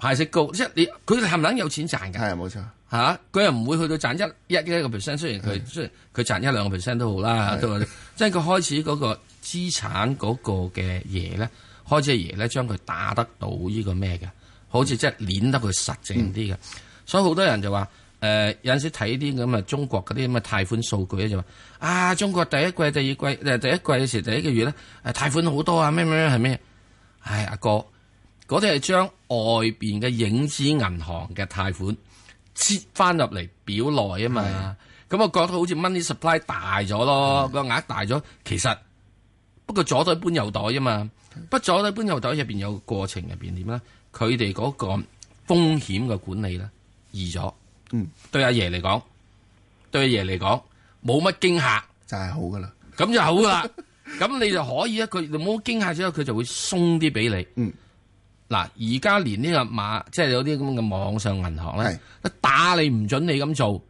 派息高，即係你佢哋含冷有錢賺㗎，係啊冇錯嚇，佢又唔會去到賺一一一個 percent，雖然佢的雖然佢賺一兩個 percent 都好啦的，即係佢開始嗰個資產嗰個嘅嘢咧，開始嘢咧將佢打得到呢個咩嘅，好似即係攣得佢實淨啲嘅，的所以好多人就話誒、呃、有陣時睇啲咁啊中國嗰啲咁嘅貸款數據咧就話啊中國第一季第二季第一季嘅時候第一個月咧誒貸款好多啊咩咩係咩？唉阿、哎呃啊、哥。嗰啲係將外邊嘅影子銀行嘅貸款切翻入嚟表內啊嘛，咁我的覺得好似 money supply 大咗咯，個額的大咗，其實不過左袋搬右袋啊嘛，不過左袋搬右袋入邊有個過程入邊點咧？佢哋嗰個風險嘅管理咧易咗，嗯，對阿爺嚟講，對阿爺嚟講冇乜驚吓就係好噶啦，咁就好噶啦，咁 你就可以啊，佢冇驚吓之後佢就會鬆啲俾你，嗯。嗱，而家連呢個馬，即係有啲咁嘅網上銀行咧，是打你唔准你咁做，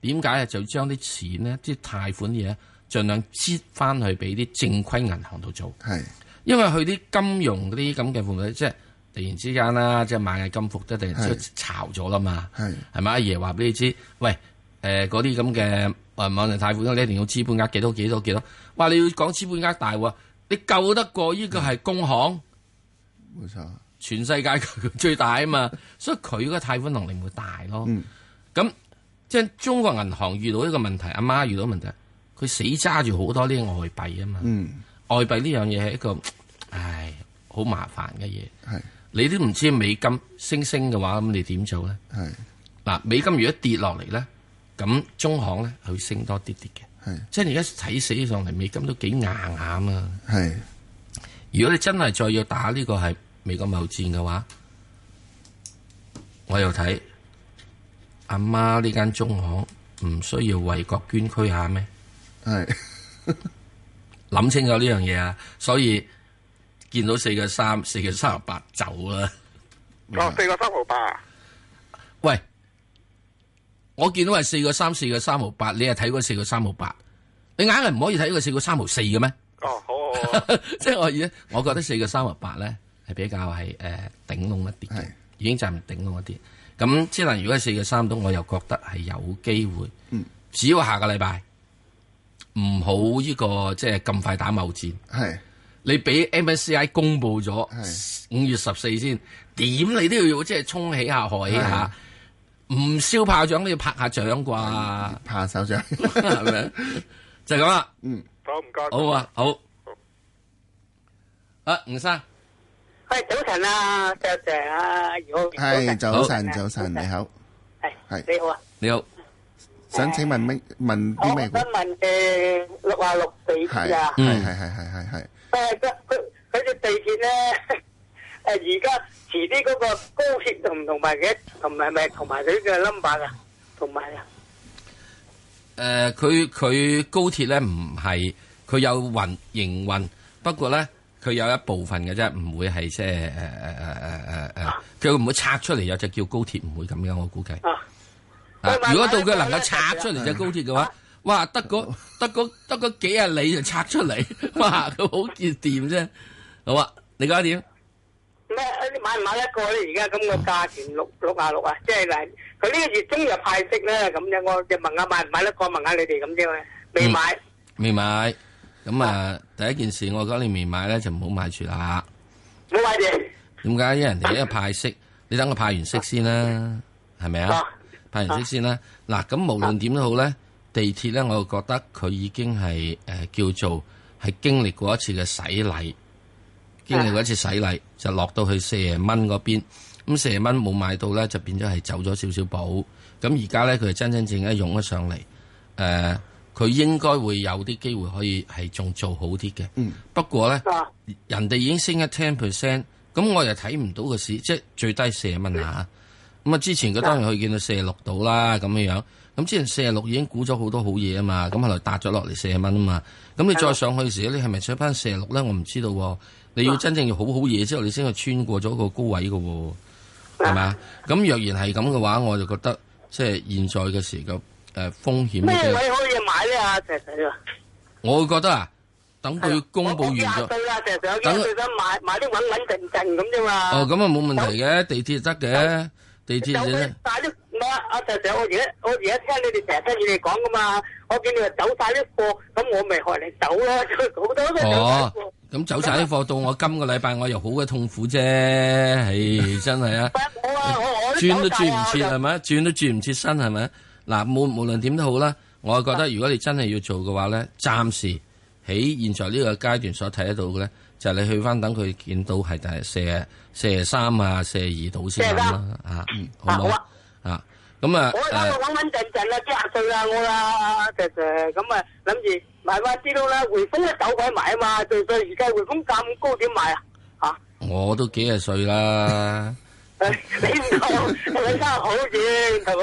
點解啊？就將啲錢呢，即係貸款嘢，儘量擠翻去俾啲正規銀行度做。係是，因為佢啲金融嗰啲咁嘅款，即係突然之間啦，即係螞蟻金服，得突然之間炒咗啦嘛。係是，係咪阿爺話俾你知，喂，誒嗰啲咁嘅誒網上貸款，你一定要資本額幾多幾多幾多，話你要講資本額大喎，你夠得過呢個係工行？冇嗎錯。全世界最大啊嘛，所以佢嘅貸款能力會大咯。咁即係中國銀行遇到一個問題，阿媽遇到問題，佢死揸住好多呢外幣啊嘛。嗯、外幣呢樣嘢係一個唉，好麻煩嘅嘢。係是你都唔知美金升升嘅話，咁你點做咧？係嗱是、啊，美金如果跌落嚟咧，咁中行咧佢升多啲啲嘅。係是即係而家睇死上嚟，美金都幾硬硬啊嘛。係是如果你真係再要打呢、這個係。美國貿戰嘅話，我又睇阿媽呢間中行唔需要為國捐軀下咩？係諗是 清楚呢樣嘢啊！所以見到四個三四個三毫八走啦、啊。 哦，四個三毫八。喂，我見到係四個三四個三毫八，你又睇過四個三毫八？你硬係唔可以睇個四個三毫四嘅咩？哦，好，好、啊，即係我而家，我覺得四個三毫八咧。係比較係誒頂窿一啲嘅，已經就係唔頂窿一啲。咁即能如果四月三刀，我又覺得係有機會。嗯，只要下個禮拜唔好呢個即係咁快打貿易戰。係你俾 MSCI 公佈咗五月十四先，點你都要即係衝起下賀起下，唔燒炮仗都要拍下掌啩，拍下手掌係咪？就係咁啦。嗯，好唔該，好啊，好。啊，吳生。 係早晨啊，石石啊，姚哥，係早晨，早晨你好，係係你好啊，你好，想請問咩問咩？我想問誒，六啊六地鐵啊，嗯係係係係係，誒佢佢佢隻地鐵咧誒而家遲啲嗰個高鐵同唔同埋嘅，同唔係唔係同埋佢嘅 number 啊，同埋啊，誒佢佢高鐵咧唔係佢有運營運，不過咧。佢有一部分嘅啫，唔會係即係誒誒誒誒誒誒，佢唔會拆出嚟有隻叫高鐵，唔會咁樣我估計。啊，如果到佢能夠拆出嚟隻高鐵嘅話，哇，得嗰得嗰得嗰幾啊里就拆出嚟，哇，佢好掂啫，好啊，你覺得點？咩？買唔買得過咧？而家咁個價錢六六廿六啊，即係嚟佢呢個月中又派息咧，咁樣我就問下買唔買得過？問下你哋咁啫，未買？未買。咁啊，第一件事我覺得你未買咧，就唔好買住啦吓。唔好買住。點解？因為人哋因為派息，你等佢派完息先啦，係咪啊？派完息先啦。嗱、啊，咁、啊、無論點都好咧，地鐵咧，我又覺得佢已經係誒、呃、叫做係經歷過一次嘅洗禮，經歷過一次洗禮，啊、就落到去四十蚊嗰邊，咁四十蚊冇買到咧，就變咗係走咗少少寶。咁而家咧，佢真真正正湧咗上嚟，誒、呃。佢應該會有啲機會可以係仲做好啲嘅。嗯、不過咧，啊、人哋已經升一 ten percent，咁我又睇唔到個市，即係最低四十蚊啊！咁、嗯、啊，之前佢當然可以見到四十六度啦，咁嘅樣。咁之前四十六已經估咗好多好嘢啊嘛，咁後來搭咗落嚟四十蚊啊嘛。咁你再上去時候，嗯、你係咪上返四十六咧？我唔知道喎、啊。你要真正要好好嘢之後，你先去穿過咗個高位嘅喎，係嘛？咁若然係咁嘅話，我就覺得即係現在嘅時咁。誒，風險咩位可以買咧？阿石石啊， 我會覺得啊，等佢公布完石咗，等、啊，等買買啲穩穩定定咁啫嘛。哦，咁啊冇問題嘅，啊、地鐵得嘅，走地鐵。走晒啲，唔，阿石石，我而家我而家聽你哋成日聽你哋講噶嘛，我見你走晒啲貨，咁我咪學你走咧，好多都哦，咁走晒啲貨到我今個禮拜我又好鬼痛苦啫，唉，真係啊！我啊、哎，我我轉都轉唔切係咪？轉 都轉唔切身係咪？嗱，無無論點都好啦，我覺得如果你真係要做嘅話咧，暫時喺現在呢個階段所睇得到嘅咧，就係你去翻等佢見到係第四十四十三啊四十二到先啦，啊，好冇啊，咁啊，我喺度穩穩陣陣啦，幾廿歲啦我啦，咁啊諗住買翻道啦，匯豐一走改埋啊嘛，到到而家匯豐咁高點買啊？嚇，我都幾廿歲啦， 你唔夠，你生好啲，大哥。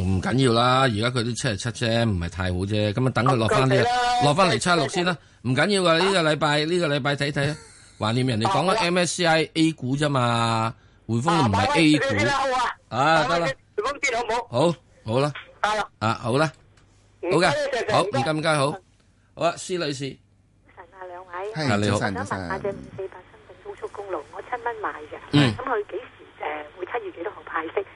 唔緊要啦，而家佢都七十七啫，唔係太好啫。咁啊，等佢落翻啲，落翻嚟，七十六先啦。唔緊要噶，呢個禮拜呢個禮拜睇睇啊。懷念人哋講個 MSCI A 股啫嘛，匯豐都唔係 A 股。啊，匯豐跌得好啊！啊，得啦，匯豐跌好唔好？好，好啦。得啦，啊好啦，好嘅，好，咁加好，好啊，施女士。早晨啊，兩位。係你好，早晨。我想買下隻五四八深圳高速公路，我七蚊買嘅。嗯。咁佢幾時誒會七月幾多號派息？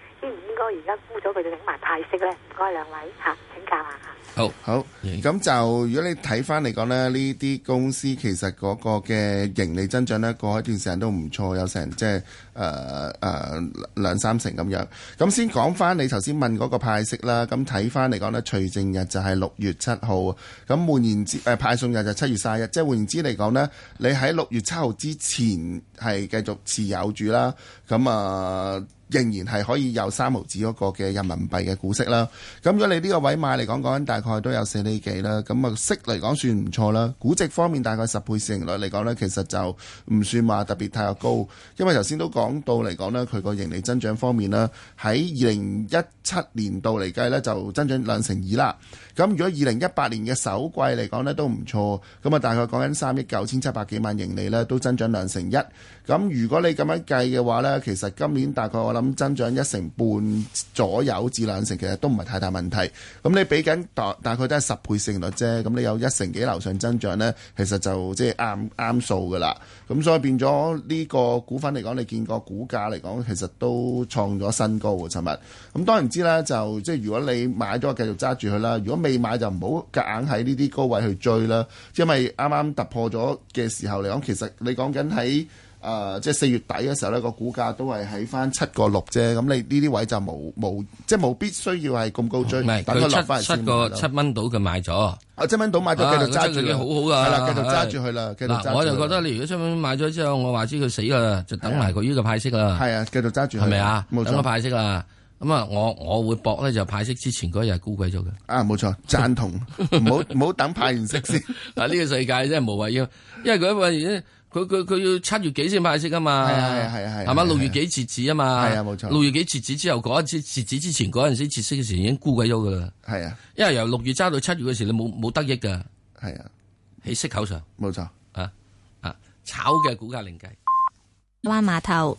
哥而家沽咗佢哋，整埋派息咧，唔該兩位吓，請教下。吓。好好，咁就如果你睇翻嚟講咧，呢啲公司其實嗰個嘅盈利增長咧，過一段時間都唔錯，有成即係。就是誒誒、呃呃、兩三成咁樣，咁先講翻你頭先問嗰個派息啦。咁睇翻嚟講呢，除淨日就係六月七號，咁換言之，誒、呃、派送日就七月卅日。即係換言之嚟講呢，你喺六月七號之前係繼續持有住啦。咁啊、呃，仍然係可以有三毫子嗰個嘅人民幣嘅股息啦。咁如果你呢個位買嚟講講，大概都有四厘幾啦。咁啊，息嚟講算唔錯啦。估值方面大概十倍市盈率嚟講呢，其實就唔算話特別太高，因為頭先都講。講到嚟講呢，佢個盈利增長方面呢，喺二零一七年度嚟計呢就增長兩成二啦。咁如果二零一八年嘅首季嚟講呢都唔錯，咁啊大概講緊三億九千七百幾萬盈利呢都增長兩成一。咁如果你咁樣計嘅話呢，其實今年大概我諗增長一成半左右至兩成，其實都唔係太大問題。咁你比緊大大概都係十倍市盈率啫。咁你有一成幾樓上增長呢，其實就即係啱啱數噶啦。咁所以變咗呢個股份嚟講，你見個股價嚟講，其實都創咗新高喎。尋日咁當然知啦，就即係如果你買咗繼續揸住佢啦；如果未買就唔好夾硬喺呢啲高位去追啦，因為啱啱突破咗嘅時候嚟講，其實你講緊喺誒，即係四月底嘅時候呢個股價都係喺翻七個六啫。咁你呢啲位就冇、無，即係冇必須要係咁高追，等佢落翻七七個七蚊到佢買咗。啊，七蚊到買咗，繼續揸住已經好好噶。係啦，繼續揸住佢啦。我就覺得你如果七蚊買咗之後，我話知佢死啦，就等埋個呢個派息啦。係啊，繼續揸住。係咪啊？冇錯，等個派息啦。咁啊，我我會博咧，就派息之前嗰日高鬼咗嘅。啊，冇錯，贊同。唔好唔好等派完息先。嗱，呢個世界真係無謂要，因為佢佢佢佢要七月幾先派息啊嘛，係啊係係，係嘛六月幾截止啊嘛，係啊冇錯。六月幾截止之後，嗰一截截止之前嗰陣時，截息嘅時已經估鬼咗噶啦。係啊，因為由六月揸到七月嘅時，你冇冇得益噶。係啊，喺息口上冇錯錯啊啊，炒嘅股價另計灣碼頭，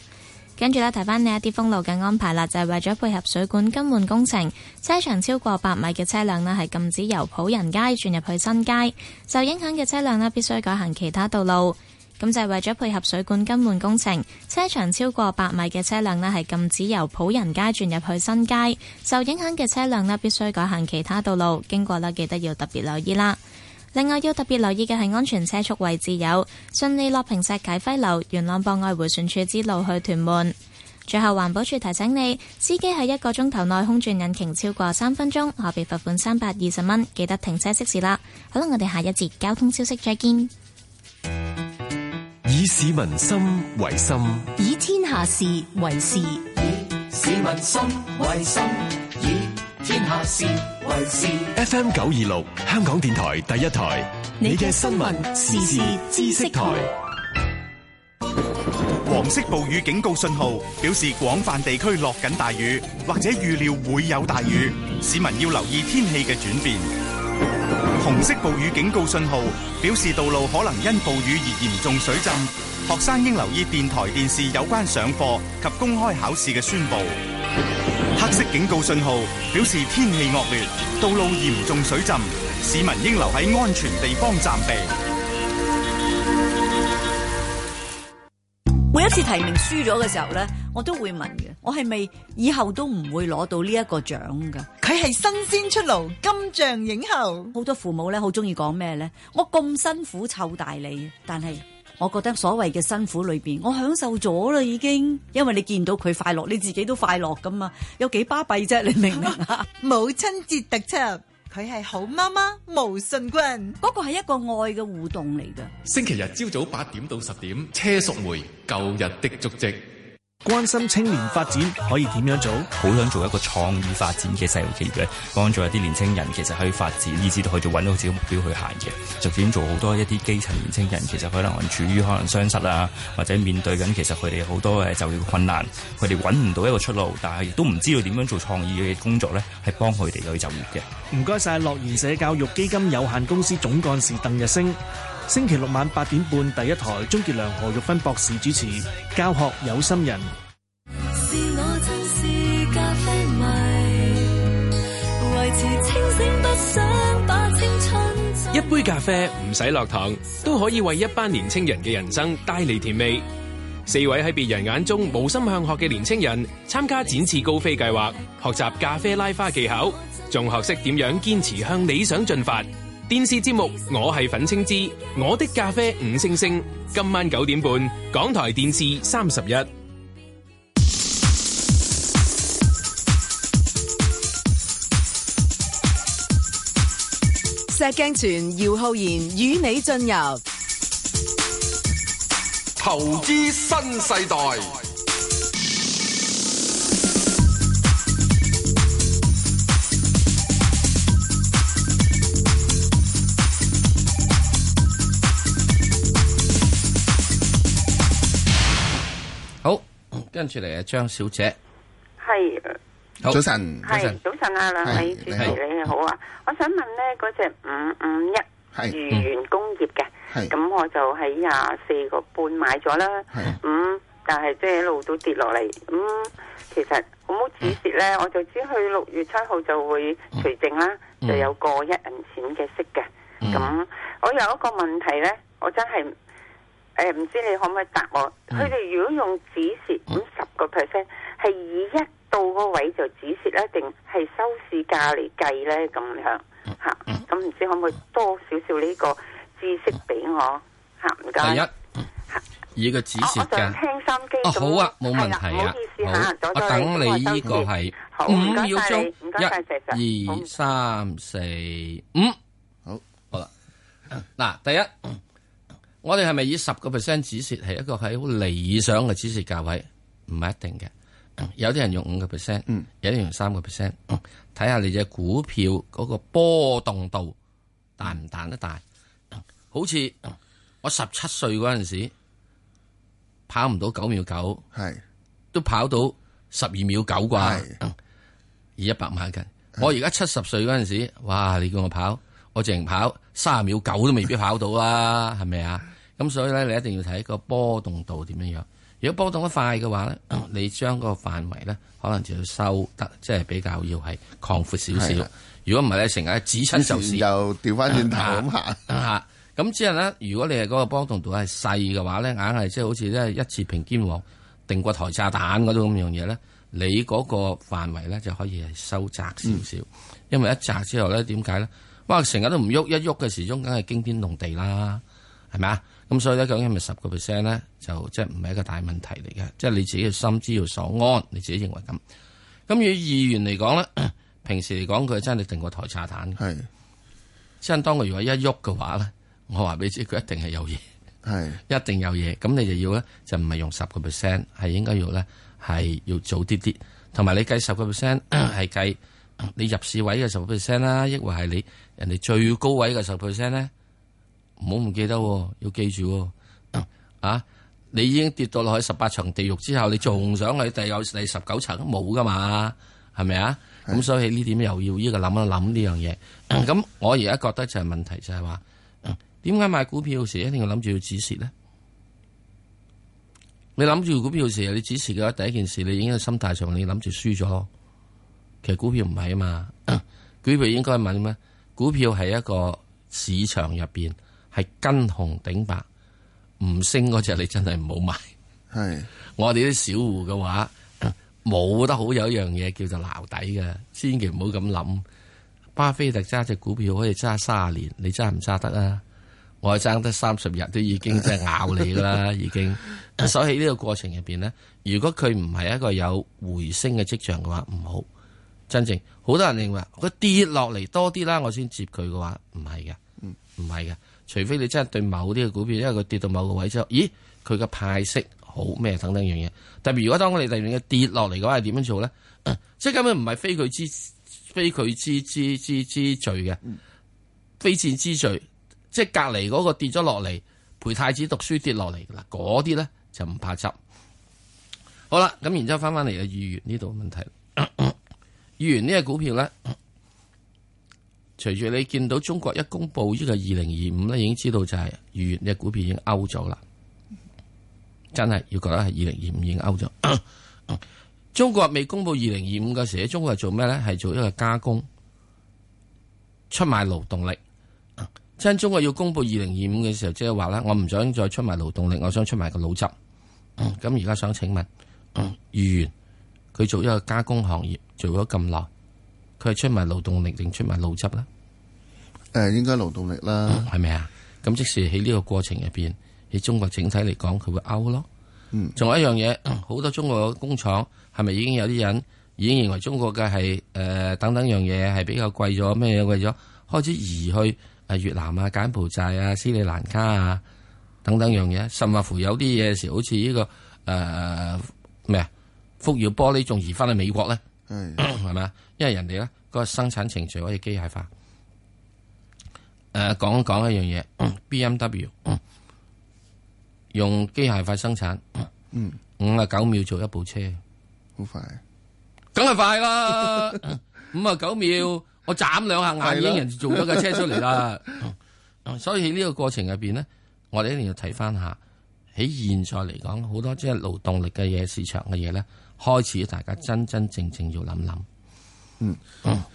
跟住咧，提翻呢一啲封路嘅安排啦，就係為咗配合水管更換工程，車長超過百米嘅車輛呢係禁止由普仁街轉入去新街，受影響嘅車輛呢必須改行其他道路。咁就係為咗配合水管更換工程，車長超過百米嘅車輛呢係禁止由普仁街轉入去新街。受影響嘅車輛呢必須改行其他道路經過呢，記得要特別留意啦。另外要特別留意嘅係安全車速位置，有順利落坪石啟輝樓、元朗博愛迴旋處之路去屯門。最後環保署提醒你，司機喺一個鐘頭內空轉引擎超過三分鐘，可被罰款三百二十蚊，記得停車熄匙啦。好啦，我哋下一節交通消息再見。以市民心為心，以天下事為事。以市民心為心，以天下事為事。FM 九二六，香港電台第一台，你嘅新聞時事知識台。黃色暴雨警告信號表示廣泛地區落緊大雨，或者預料會有大雨，市民要留意天氣嘅轉變。紅色暴雨警告信號表示道路可能因暴雨而嚴重水浸，學生應留意電台、電視有關上課及公開考試嘅宣佈。黑色警告信號表示天氣惡劣，道路嚴重水浸，市民應留喺安全地方暫避。次提名輸咗嘅時候咧，我都會問嘅，我係咪以後都唔會攞到呢一個獎噶？佢係新鮮出爐，金像影后。好多父母咧，好中意講咩咧？我咁辛苦湊大你，但係我覺得所謂嘅辛苦裏邊，我享受咗啦已經，因為你見到佢快樂，你自己都快樂噶嘛，有幾巴閉啫？你明唔明啊？母親節特輯。佢係好媽媽，無信君嗰個係一個愛嘅互動嚟㗎。星期日朝早八點到十點，車淑梅舊日的足跡。關心青年發展可以點樣做？好想做一個創意發展嘅社會企業，幫助一啲年青人，其實可以發展，以致到可以揾到自己目標去行嘅。就算做好多一啲基層年青人，其實可能處於可能相失啊，或者面對緊其實佢哋好多嘅就業困難，佢哋揾唔到一個出路，但係亦都唔知道點樣做創意嘅工作咧，係幫佢哋去就業嘅。唔該晒，樂言社教育基金有限公司總幹事鄧日升。星期六晚八點半，第一臺，鍾杰良、何玉芬博士主持，教學有心人。一杯咖啡唔使落糖，都可以為一班年輕人嘅人生帶嚟甜味。四位喺別人眼中無心向學嘅年輕人，參加展翅高飛計劃，學習咖啡拉花技巧，仲學識點樣堅持向理想進發。電視節目，我係粉青枝，我的咖啡五星星，今晚九點半，港台電視三十一。石鏡泉、姚浩然與你進入投資新世代。跟住嚟係張小姐，係早晨，係早晨啊，兩位主持你哋好啊！我想問咧，嗰隻五五一裕元工業嘅，咁我就喺廿四個半買咗啦，五但係即係一路都跌落嚟，咁其實好唔好止蝕咧，我就知去六月七號就會除淨啦，就有過一蚊錢嘅息嘅，咁我有一個問題咧，我真係。誒，唔知你可唔可以答我？佢哋如果用止蝕咁十個 percent，係以一到個位就止蝕咧，定係收市價嚟計咧咁樣吓？咁唔知可唔可以多少少呢個知識俾我吓？唔該。第一，以個止蝕價，我聽心機。好啊，冇問題啊。唔好意思吓，等你呢個係五秒鐘。一、二、三、四、五。好好啦，嗱，第一。我哋係咪以十個 percent 止蝕係一個喺好理想嘅止蝕價位？唔係一定嘅，嗯、有啲人用五個 percent，有啲用三個 percent，睇下你隻股票嗰個波動度大唔大得大。嗯、好似我十七歲嗰陣時跑唔到九秒九是，係都跑到十二秒九啩，以一百萬嘅。是我而家七十歲嗰陣時，哇！你叫我跑，我淨跑卅秒九都未必跑到啦，係咪啊？咁所以咧，你一定要睇個波動度點樣樣。如果波動得快嘅話咧，嗯、你將個範圍咧，可能就要收得即係、就是、比較要係擴闊少少。如果唔係咧，成日指親就市，又調翻轉頭咁行。嚇咁之後咧，如果你係嗰個波動度係細嘅話咧，硬係即係好似咧一次平肩定過台炸彈嗰種咁樣嘢咧，你嗰個範圍咧就可以係收窄少少。嗯、因為一窄之後咧，點解咧？哇！成日都唔喐，一喐嘅時鐘梗係驚天動地啦，係咪啊？咁所以咧，究竟係咪十個 percent 咧，就即係唔係一個大問題嚟嘅？即係你自己嘅心知要所安，你自己認為咁。咁與議員嚟講咧，平時嚟講佢真係定個台茶壇嘅，係是。真當佢如果一喐嘅話咧，我話俾你知，佢一定係有嘢，係是一定有嘢。咁你就要咧，就唔係用十個 percent，係應該要咧，係要早啲啲。同埋你計十個 percent 係計你入市位嘅十個 percent 啦，抑或係你人哋最高位嘅十個 percent 咧？呢唔好唔記得，要記住、嗯、啊！你已經跌到落去十八層地獄之後，你仲想去第有第十九層？冇噶嘛，係咪啊？咁是的 所以呢點又要呢個諗一諗呢樣嘢。咁、嗯、我而家覺得就係問題就係話，點解、嗯、買股票時一定要諗住要止蝕呢？你諗住股票時，你止蝕嘅話，第一件事你已經喺心態上你諗住輸咗，其實股票唔係啊嘛、嗯股。股票應該問咩？股票係一個市場入邊。係跟紅頂白唔升嗰隻，你真係唔好買。係是 我哋啲小戶嘅話，冇、呃、得好有一樣嘢叫做撈底嘅，千祈唔好咁諗。巴菲特揸隻股票可以揸卅年，你揸唔揸得啊？我係爭得三十日都已經真係咬你啦，已經。所以呢個過程入邊咧，如果佢唔係一個有回升嘅迹象嘅話，唔好真正好多人認為佢跌落嚟多啲啦，我先接佢嘅話唔係嘅，唔係嘅。嗯除非你真係對某啲嘅股票，因為佢跌到某個位之後，咦，佢嘅派息好咩等等樣嘢。但係如果當我哋突然嘅跌落嚟嘅話，係點樣做咧、嗯？即係根本唔係非佢之非佢之之之之罪嘅，嗯、非戰之罪。即係隔籬嗰個跌咗落嚟，陪太子讀書跌落嚟啦，嗰啲咧就唔怕執。好啦，咁然之後翻翻嚟嘅豫園呢度問題，豫園呢個股票咧。隨住你見到中國一公布呢個二零二五咧，已經知道就係裕元嘅股票已經 out 咗啦，真係要覺得係二零二五已經 out 咗。 中國未公佈二零二五嘅時候，中國係做咩咧？係做一個加工、出賣勞動力。真 中國要公佈二零二五嘅時候，即係話咧，我唔想再出賣勞動力，我想出賣個腦汁。咁而家想請問裕元，佢做一個加工行業做咗咁耐？佢係出埋勞動力定出埋勞資啦？誒，應該勞動力啦，係咪啊？咁即時喺呢個過程入邊，喺中國整體嚟講，佢會勾 u 咯。仲、嗯、有一樣嘢，好多中國嘅工廠係咪已經有啲人已經認為中國嘅係誒等等樣嘢係比較貴咗咩貴咗，開始移去誒越南啊、柬埔寨啊、斯里蘭卡啊等等樣嘢，甚或乎有啲嘢時好似呢個誒咩啊，覆、呃、窑玻璃仲移翻去美國咧。係咪？ 因為人哋咧個生產程序可以機械化。誒、呃，講一講一樣嘢，B M W 用機械化生產，五啊九秒做一部車，好快，梗係快啦。五啊九秒，我眨兩下眼，已經人就做咗架車出嚟啦是的、 嗯。所以喺呢個過程入邊呢，我哋一定要睇翻下，喺現在嚟講，好多即係勞動力嘅嘢、市場嘅嘢咧。開始，大家真真正正要諗諗，嗯。嗯啊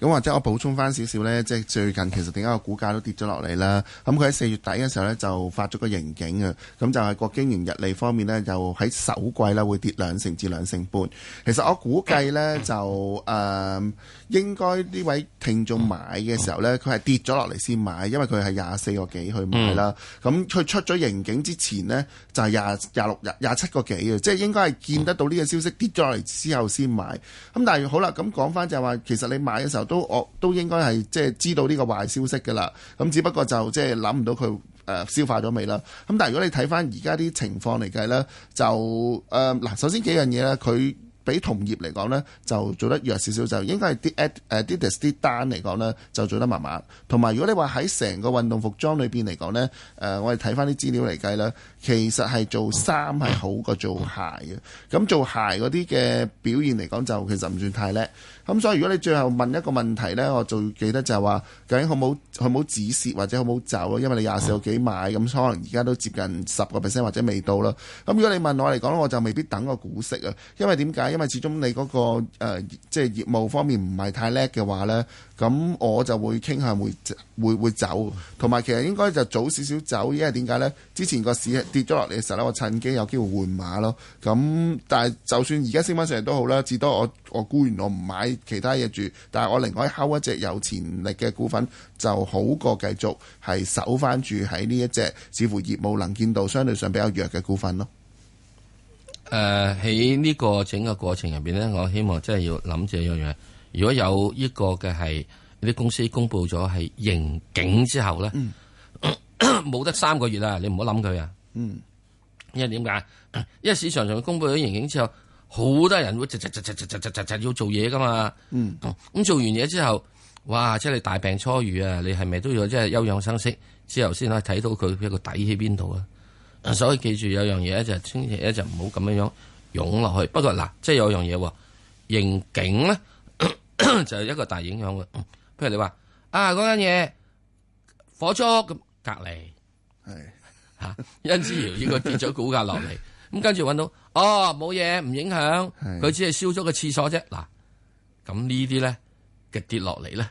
咁或者我補充翻少少呢，即係最近其實點解個股價都跌咗落嚟啦？咁佢喺四月底嗰陣時候呢，就發咗個盈警啊，咁就係個經營日利方面呢，就喺首季啦會跌兩成至兩成半。其實我估計呢，就誒、呃、應該呢位聽眾買嘅時候呢，佢係跌咗落嚟先買，因為佢係廿四個幾去買啦。咁佢、嗯嗯、出咗盈警之前呢，就係廿廿六日廿七個幾啊，即係應該係見得到呢個消息跌咗落嚟之後先買。咁、嗯、但係好啦，咁講翻就係話，其實你買嘅時候。都我都應該係即係知道呢個壞消息嘅啦，咁只不過就即係諗唔到佢誒消化咗未啦。咁但係如果你睇翻而家啲情況嚟計呢，就誒嗱，首先幾樣嘢咧，佢比同業嚟講呢，就做得弱少少，就應該係啲 Adidas 啲單嚟講呢，就做得麻麻。同埋如果你話喺成個運動服裝裏邊嚟講呢，誒我哋睇翻啲資料嚟計呢，其實係做衫係好過做鞋嘅。咁做鞋嗰啲嘅表現嚟講，就其實唔算太叻。咁、嗯、所以如果你最後問一個問題呢，我就記得就係話究竟好冇好冇止蝕或者好冇走咯？因為你廿四有幾買咁、嗯，可能而家都接近十個 percent 或者未到啦。咁、嗯、如果你問我嚟講，我就未必等個股息啊，因為點解？因為始終你嗰、那個、呃、即係業務方面唔係太叻嘅話呢，咁我就會傾向會會會走。同埋其實應該就早少少走，因為點解呢？之前個市跌咗落嚟嘅時候呢，我趁機有機會換馬咯。咁但係就算而家升返上嚟都好啦，至多我。我固然我唔買其他嘢住，但係我另外摳一隻有潛力嘅股份就好過繼續係守翻住喺呢一隻，似乎業務能見到相對上比較弱嘅股份咯。誒、呃，喺呢個整個過程入邊呢，我希望真係要諗住一樣嘢，如果有呢個嘅係啲公司公布咗係盈警之後呢，冇、嗯、 得三個月啊！你唔好諗佢啊！嗯，因為點解？因為市場上公布咗盈警之後。好多人會要做嘢噶嘛，咁做完嘢之後，哇 ats！即係你大病初癒啊，你係咪都要即係休養生息之後先可以睇到佢一個底喺邊度啊？所以記住有樣嘢就係，千祈咧就唔好咁樣樣湧落去。不過嗱，即係有樣嘢刑警咧，就係一個大影響嘅。譬如你話啊，嗰間嘢火燭咁隔籬，係吓，因之而呢個跌咗股價落嚟。咁跟住揾到哦，冇嘢，唔影響，佢是的 只係燒咗個廁所啫。嗱，咁呢啲咧嘅跌落嚟咧，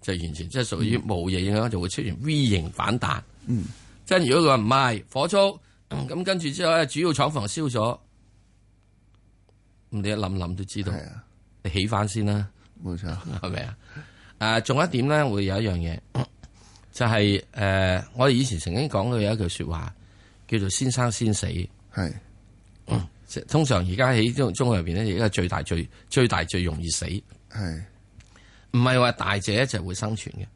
就完全即係屬於冇嘢影響，就會出現 V 型反彈。嗯，即係如果佢話唔係火燭，咁跟住之後咧，主要廠房燒咗，咁你一諗諗都知道，是的 你起翻先啦。冇錯沒錯， 係咪啊？誒，仲有一點咧，會有一樣嘢，就係、是、誒、呃，我哋以前曾經講過有一句說話，叫做先生先死。係。通常而家喺中中國入邊咧，而家最大最最大最容易死。係唔係話大隻一隻就會生存嘅？誒、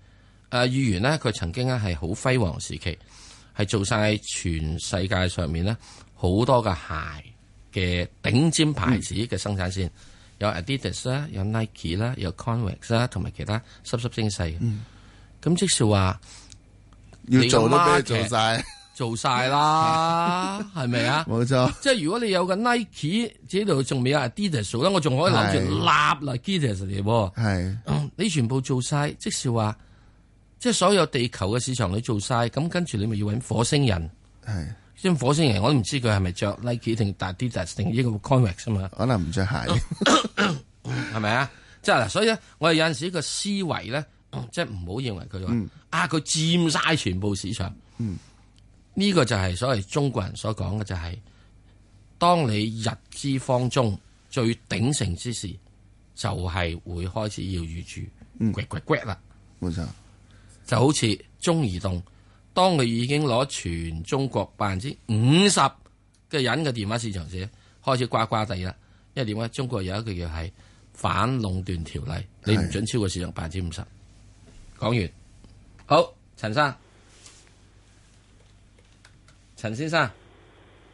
呃，裕元咧，佢曾經咧係好輝煌時期，係做曬全世界上面咧好多嘅鞋嘅頂尖牌子嘅生產線，嗯、有 Adidas 啦，有 Nike 啦，有 Converse 啦，同埋其他濕濕蒸細。嗯。咁即係話，要做都俾你做晒。 做晒啦，係咪啊？冇錯錯，即係如果你有個 Nike，呢度仲未有 d e t e 我仲可以留住立嚟 d e t e 係，你全部做晒，即是話，即係所有地球嘅市場你做晒，咁跟住你咪要搵火星人。係是，啲火星人我都唔知佢係咪着 Nike 定戴 d e t e 定呢個 c o n v e r 啊嘛是，可能唔着鞋，係咪、嗯、 啊？即係嗱，所以咧，我哋有陣時個思維咧，即係唔好認為佢話，嗯、啊，佢佔晒全部市場。嗯。呢個就係所謂中國人所講嘅、就是，就係當你日之方中，最鼎盛之時，就係、是、會開始要預住掘掘掘啦。冇錯、嗯，就好似中移動，當佢已經攞全中國百分之五十嘅人嘅電話市場時開始呱呱地啦。因為點解中國有一句叫係反壟斷條例，你唔准超過市場百分之五十。是講完，好，陳生。陳先生，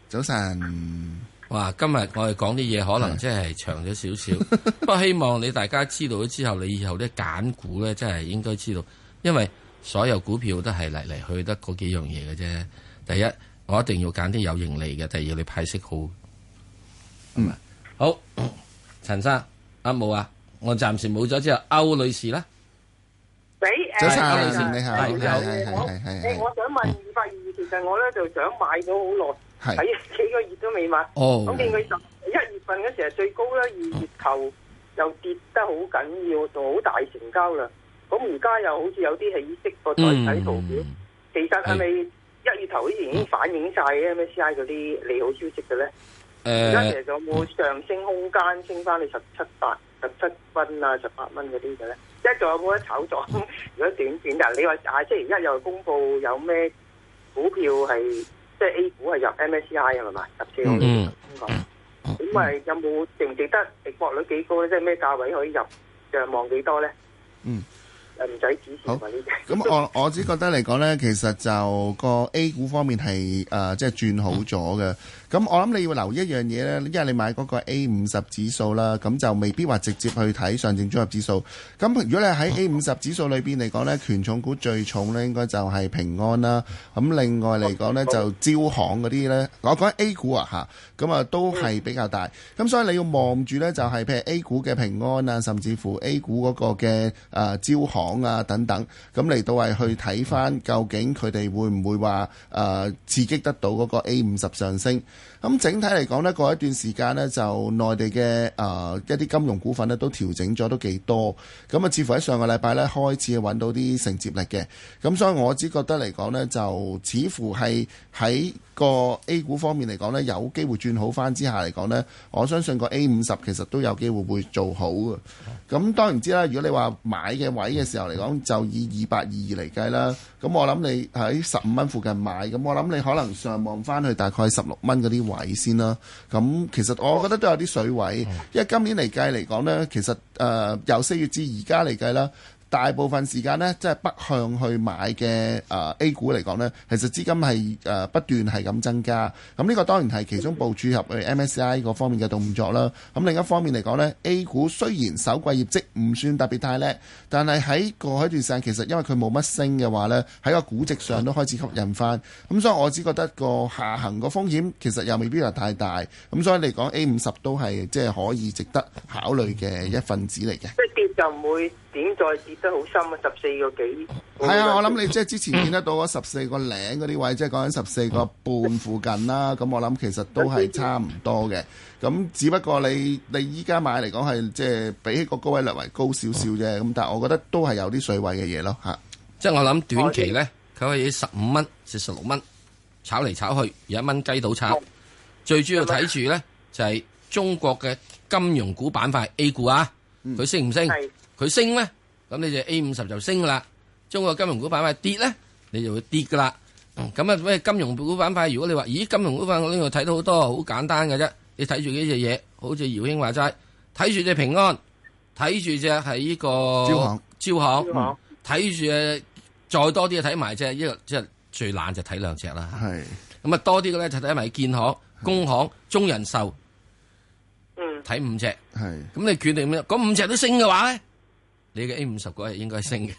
早晨。哇，今日我哋講啲嘢可能真係長咗少少，是的 不過希望你大家知道咗之後， 你以後呢揀股呢真係應該知道，因為所有股票都係嚟嚟去得嗰幾樣嘢嘅啫。第一，我一定要揀啲有盈利嘅；第二，你派息好。嗯， 好，陳生，阿、啊、武啊，我暫時冇咗之後，歐女士啦。俾誒，你好，你我想問二百二，其實我咧就想買咗好耐，係，幾個月都未買。哦。咁見佢十一月份嘅時候最高啦，二月頭又跌得好緊要，仲好大成交啦。咁而家又好似有啲起色，個再睇圖表，其實係咪一月頭啲嘢已經反映晒嘅 MSCI 嗰啲利好消息嘅咧？誒，而家其實有冇上升空間，升翻你十七八？十七蚊啊，十八蚊嗰啲嘅咧，一係仲有冇得炒作？ 如果短線嘅，你話啊，即係而家又公布有咩股票係，即係 A 股係入 MSCI 係咪嘛？入市我哋咁講，咁咪、嗯嗯、有冇、嗯、值唔值得？入博率幾高咧？即係咩價位可以入？就望幾多咧？嗯。誒，指示。好。咁我我只覺得嚟講呢，其實就個 A 股方面係誒，即係轉好咗嘅。咁、嗯、我諗你要留意一樣嘢呢，因為你買嗰個 A 五十指數啦，咁就未必話直接去睇上證綜合指數。咁如果你喺 A 五十指數裏邊嚟講呢，權重股最重呢應該就係平安啦。咁另外嚟講呢，就招行嗰啲呢，我講 A 股啊吓，咁啊都係比較大。咁、嗯、所以你要望住呢，就係譬如 A 股嘅平安啊，甚至乎 A 股嗰個嘅誒招行。講啊等等，咁嚟到係去睇翻究竟佢哋會唔會話誒刺激得到嗰個 A 五十上升？咁整體嚟講呢，過一段時間呢就內地嘅誒一啲金融股份呢都調整咗都幾多，咁啊，似乎喺上個禮拜呢開始揾到啲承接力嘅，咁所以我只覺得嚟講呢就似乎係喺。個 A 股方面嚟講呢，有機會轉好翻之下嚟講呢，我相信個 A 五十其實都有機會會做好嘅。咁當然之啦，如果你話買嘅位嘅時候嚟講，就以二百二嚟計啦。咁我諗你喺十五蚊附近買，咁我諗你可能上望翻去大概十六蚊嗰啲位先啦。咁其實我覺得都有啲水位，因為今年嚟計嚟講呢，其實誒、呃、由四月至而家嚟計啦。大部分時間呢，即係北向去買嘅誒 A 股嚟講呢，其實資金係誒不斷係咁增加。咁呢個當然係其中部署入去 MSCI 嗰方面嘅動作啦。咁另一方面嚟講呢 A 股雖然首季業績唔算特別太叻，但係喺過一段時間其實因為佢冇乜升嘅話呢，喺個估值上都開始吸引翻。咁所以我只覺得個下行個風險其實又未必話太大。咁所以嚟講 A 五十都係即係可以值得考慮嘅一份子嚟嘅。即跌就唔會點再跌。都好深啊！十四個幾係啊！我諗你即係之前見得到嗰十四個嶺嗰啲位，即係講緊十四個半附近啦。咁我諗其實都係差唔多嘅。咁只不過你你依家買嚟講係即係比起個高位略為高少少啫。咁但係我覺得都係有啲水位嘅嘢咯。吓，即係我諗短期咧，佢可以十五蚊至十六蚊炒嚟炒去，有一蚊雞到炒。最主要睇住咧就係中國嘅金融股板塊 A 股啊，佢升唔升？佢升咧，咁你就 A 五十就升啦，中國金融股板塊跌咧，你就會跌噶啦。咁、嗯、啊，咩金融股板塊？如果你話，咦，金融股板塊我睇到好多，好簡單嘅啫。你睇住呢隻嘢，好似姚興話齋，睇住隻平安，睇住隻係呢個招行，招行，睇住行、嗯、再多啲睇埋隻，隻是呢個即係最懶就睇兩隻啦。係，咁啊多啲嘅咧就睇埋建行、工行、中人壽，嗯是，睇五隻，係是。咁你決定咩？嗰五隻都，五隻都升嘅話咧？你嘅 A 五十股係應該升嘅，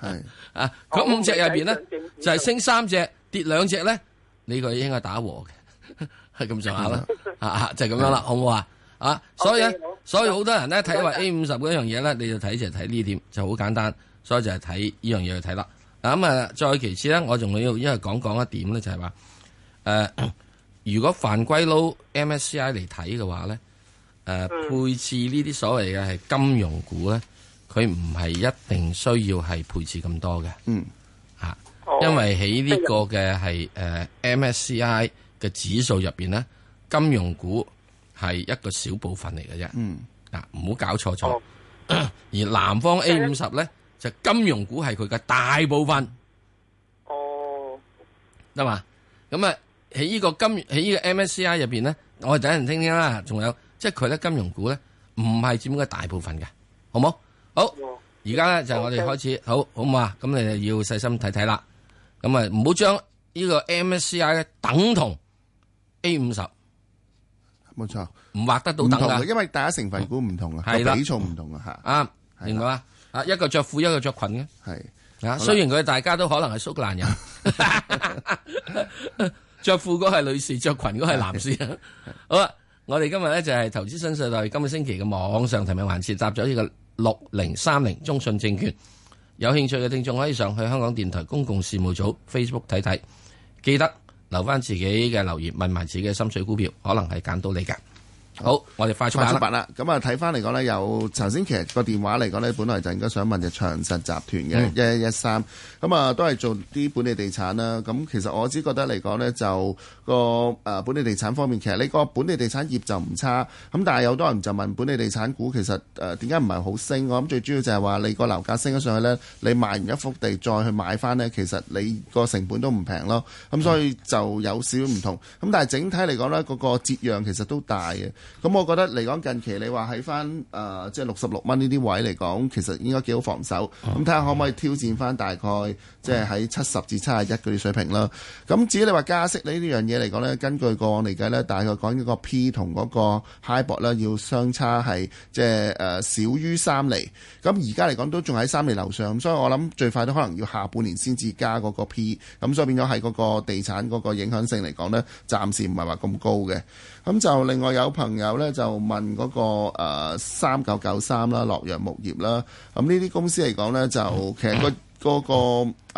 係是啊，五隻入邊咧就係、是、升三隻，跌兩隻咧，你個應該打和嘅，係咁上下啦，啊，就係咁樣啦，好唔好啊？啊，所以咧，okay, 所以好多人咧睇話 A 五十嗰樣嘢咧，你就睇就睇呢點，就好簡單，所以就係睇呢樣嘢去睇啦。咁啊，再其次咧，我仲要因為講講一點咧、就是，就係話，誒，如果犯規撈 MSCI 嚟睇嘅話咧，誒、啊，配置呢啲所謂嘅係金融股咧。佢唔係一定需要係配置咁多嘅，嗯吓，因為喺、嗯呃、呢個嘅係誒 M S C I 嘅指數入邊咧，金融股係一個小部分嚟嘅啫，嗯啊，唔好搞錯錯。嗯、而南方 A 五十咧就金融股係佢嘅大部分，哦、嗯，得嘛？咁啊，喺呢個金喺呢個 M S C I 入邊咧，我哋等陣聽聽啦。仲有即係佢咧，金融股咧唔係佔嘅大部分嘅，好冇？好，而家咧就係我哋開始，好好唔好啊，咁你就要細心睇睇啦。咁啊，唔好將呢個 MSCI 咧等同 A 五十，冇錯，唔畫得到等噶，因為大家成分股唔同啊，個比重唔同啊，吓，明白啊？啊，一個着褲，一個着裙嘅，係啊，雖然佢大家都可能係蘇格蘭人，着褲嗰係女士，着裙嗰係男士。好啦，我哋今日咧就係投資新世代，今個星期嘅網上提問環節咗呢個。六零三零中信證券，有興趣嘅聽眾可以上去香港電台公共事務組 Facebook 睇睇，記得留返自己嘅留言，問埋自己嘅心水股票，可能係揀到你㗎。好，我哋快速八啦。咁啊，睇翻嚟講呢，有頭先其實個電話嚟講呢，本來就應該想問嘅長實集團嘅、嗯、一一一三，咁啊都係做啲本地地產啦。咁其實我只覺得嚟講呢，就個誒本地地產方面，其實你個本地地產業就唔差。咁但係有多人就問本地地產股，其實誒點解唔係好升？我諗最主要就係話你個樓價升咗上去呢，你賣完一幅地再去買翻呢，其實你個成本都唔平咯。咁所以就有少少唔同。咁但係整體嚟講呢，嗰、那個折讓其實都大嘅。咁我覺得嚟講，近期你話喺翻誒，即係六十六蚊呢啲位嚟講，其實應該幾好防守。咁睇下可唔可以挑戰翻大概。即係喺七十至七十一嗰啲水平啦。咁至於你話加息呢呢樣嘢嚟講呢，根據過往嚟計呢，大概講一個 P 同嗰個 HIBOR 咧要相差係即係誒少於三厘。咁而家嚟講都仲喺三厘樓上，所以我諗最快都可能要下半年先至加嗰個 P。咁所以變咗係嗰個地產嗰個影響性嚟講呢，暫時唔係話咁高嘅。咁就另外有朋友呢就問嗰、嗰個誒三九九三啦、洛陽木業啦，咁呢啲公司嚟講呢，就其實、那個嗰個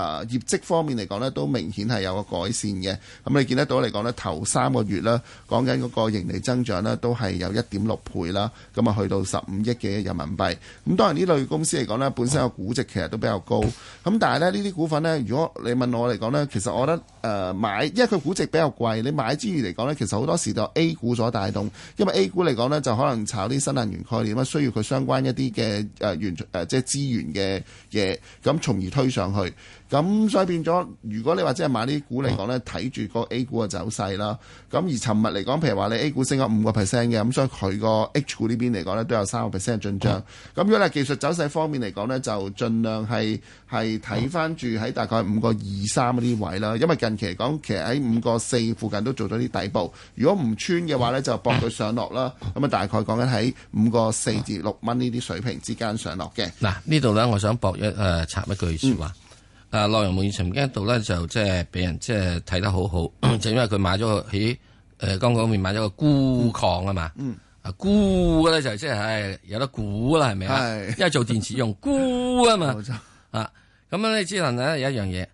誒業績方面嚟講呢都明顯係有個改善嘅。咁、嗯、你見得到嚟講呢，頭三個月啦，講緊嗰個盈利增長呢，都係有一點六倍啦。咁啊，去到十五億嘅人民幣。咁當然呢類公司嚟講呢，本身個估值其實都比較高。咁但係呢，呢啲股份呢，如果你問我嚟講呢，其實我覺得誒、呃、買，因為佢估值比較貴。你買之餘嚟講呢，其實好多時就 A 股所帶動。因為 A 股嚟講呢，就可能炒啲新能源概念啊，需要佢相關一啲嘅誒原誒即係資源嘅嘢，咁從而推上去。咁所以變咗，如果你話即係買啲股嚟講咧，睇住、嗯、個 A 股嘅走勢啦。咁而尋日嚟講，譬如話你 A 股升咗五個 percent 嘅，咁所以佢個 H 股呢邊嚟講咧都有三個 percent 嘅進賬。咁、嗯、如果係技術走勢方面嚟講咧，就盡量係係睇返住喺大概五個二三嗰啲位啦。因為近期嚟講，其實喺五個四附近都做咗啲底部。如果唔穿嘅話咧，就搏佢上落啦。咁啊、嗯，大概講緊喺五個四至六蚊呢啲水平之間上落嘅嗱。呢度咧，我想博一誒、呃、插一句説話。嗯啊！洛陽梅已曾經一度咧，就即係俾人即係睇得好好，就 因為佢買咗個喺誒江港面買咗個鈷礦啊嘛。嗯。啊，鈷咧就即係唉有得估啦，係咪啊？係是。因為做電池用鈷啊嘛。冇錯。啊，咁樣咧只能有一樣嘢，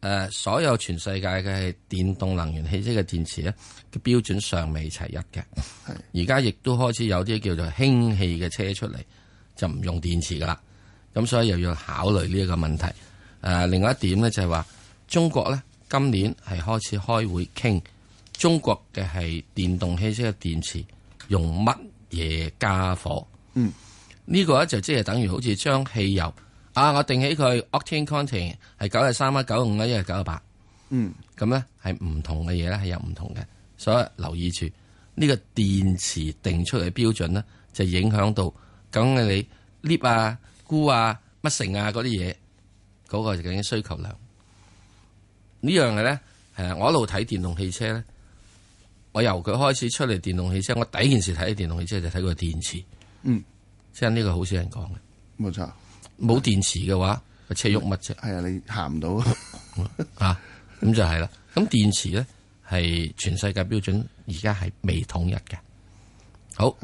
誒，所有全世界嘅電動能源汽車嘅電池咧，標準尚未齊一嘅。而家的亦都開始有啲叫做氫氣嘅車出嚟，就唔用電池噶啦。咁所以又要考慮呢一個問題。誒、啊、另外一點咧，就係、是、話中國咧今年係開始開會傾中國嘅係電動汽車嘅電池用乜嘢傢伙？嗯，個呢個咧就即、是、係等於好似將汽油啊，我定起佢 Octane content 係九十三啊、九十五啊、一係九十八。嗯，咁咧係唔同嘅嘢咧係有唔同嘅，所以留意住呢、這個電池定出嚟標準咧，就影響到咁你 lead 啊、鈷啊、乜成啊嗰啲嘢。嗰個究竟需求量樣呢樣嘢咧？誒，我一路睇電動汽車咧，我由佢開始出嚟電動汽車，我第一件事睇電動汽車就睇佢電池。嗯，即係呢個好少人講嘅。冇錯，冇電池嘅話，個車喐乜啫？係、嗯、啊，你行唔到啊。咁就係啦。咁電池咧，係全世界標準而家係未統一嘅。好，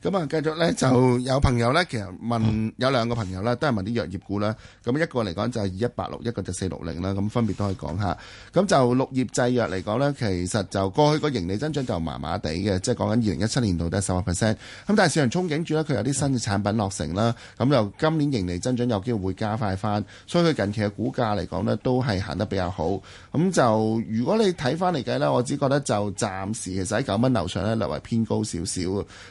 咁啊，繼續咧就有朋友咧，其實問有兩個朋友啦，都係問啲藥業股啦。咁一個嚟講就係二一八六，一個就四六零啦。咁分別都可以講下。咁就綠葉製藥嚟講呢，其實就過去個盈利增長就麻麻地嘅，即係講緊二零一七年度得十個 percent。咁但係市場憧憬住呢，佢有啲新嘅產品落成啦，咁由今年盈利增長有機會會加快翻，所以佢近期嘅股價嚟講呢，都係行得比較好。咁就如果你睇翻嚟計呢，我只覺得就暫時其實喺九蚊樓上呢，略為偏高少少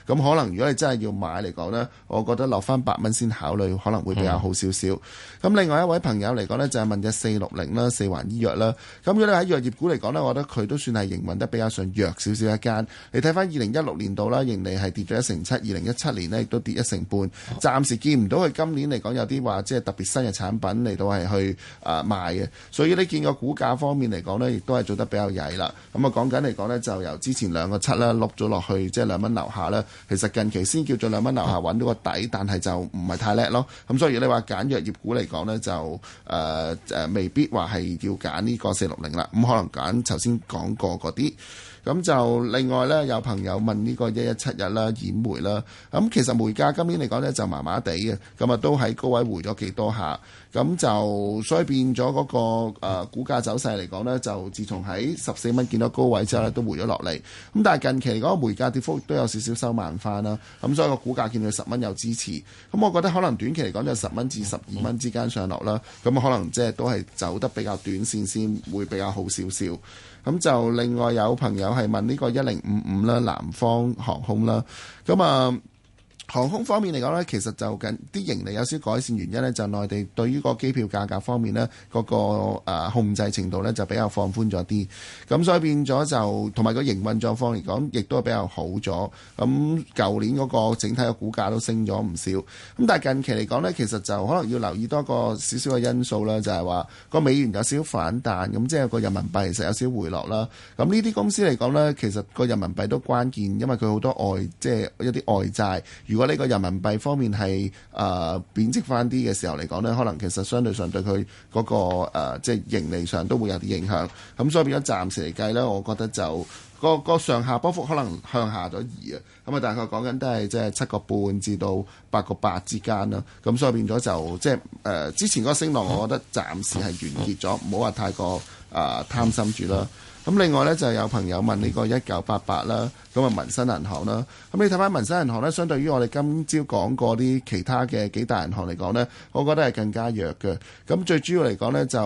咁可能如果你真係要買嚟講呢，我覺得落翻八蚊先考慮，可能會比較好少少。咁、嗯、另外一位朋友嚟講呢，就係、是、問嘅四六零啦，四環醫藥啦。咁如果你喺藥業股嚟講呢，我覺得佢都算係營運得比較上弱少少一間。你睇翻二零一六年度啦，盈利係跌咗一成七；二零一七年呢，亦都跌一成半。暫時見唔到佢今年嚟講有啲話，即係特別新嘅產品嚟到係去誒賣嘅。所以你見個股價方面嚟講呢，亦都係做得比較曳啦。咁、嗯、啊，嗯、講緊嚟講呢，就由之前兩個七啦，碌咗落去，即係兩蚊樓下。其實近期先叫做兩蚊樓下揾到個底，但係就唔係太叻咯。咁、嗯、所以你話揀藥業股嚟講呢，就誒誒、呃呃，未必話係要揀呢個四六零啦。咁、嗯、可能揀頭先講過嗰啲。咁就另外咧，有朋友問呢個一一七一啦、兗煤啦。咁其實煤價今年嚟講咧就麻麻地嘅，咁啊都喺高位回咗幾多下。咁就所以變咗嗰、那個誒、呃、股價走勢嚟講呢，就自從喺十四蚊見到高位之後咧，都回咗落嚟。咁但係近期嗰個煤價跌幅都有少少收慢返啦。咁所以個股價見到十蚊有支持。咁我覺得可能短期嚟講就十蚊至十二蚊之間上落啦。咁可能即係都係走得比較短線先會比較好少少。咁就另外有朋友係問呢個一零五五啦，南方航空啦，咁啊。航空方面嚟講，呢其實就近啲盈利有少改善，原因呢就內地對於個機票價格方面呢嗰個控制程度呢就比較放寬咗啲，咁所以變咗就同埋個營運狀況嚟講，亦都係比較好咗。咁舊年嗰個整體嘅股價都升咗唔少，咁但係近期嚟講呢其實就可能要留意多個少少嘅因素啦，就係話個美元有少少反彈，咁即係個人民幣其實有少回落啦。咁呢啲公司嚟講呢其實個人民幣都關鍵，因為佢好多外即係一啲外債。如果呢個人民幣方面係誒、呃、貶值翻啲嘅時候嚟講呢，可能其實相對上對佢嗰、嗰個、呃、即係盈利上都會有啲影響。咁所以變咗暫時嚟計呢，我覺得就個個上下波幅可能向下咗移。啊。咁啊，大概講緊都係即係七個半至到八個八之間啦。咁所以變咗就即係誒之前嗰個升浪，我覺得暫時係完結咗，唔好話太過誒、呃、貪心住啦。咁另外呢，就有朋友問呢個一九八八啦，咁啊民生銀行啦，咁你睇翻民生銀行呢，相對於我哋今朝講過啲其他嘅幾大銀行嚟講呢，我覺得係更加弱嘅。咁最主要嚟講呢，就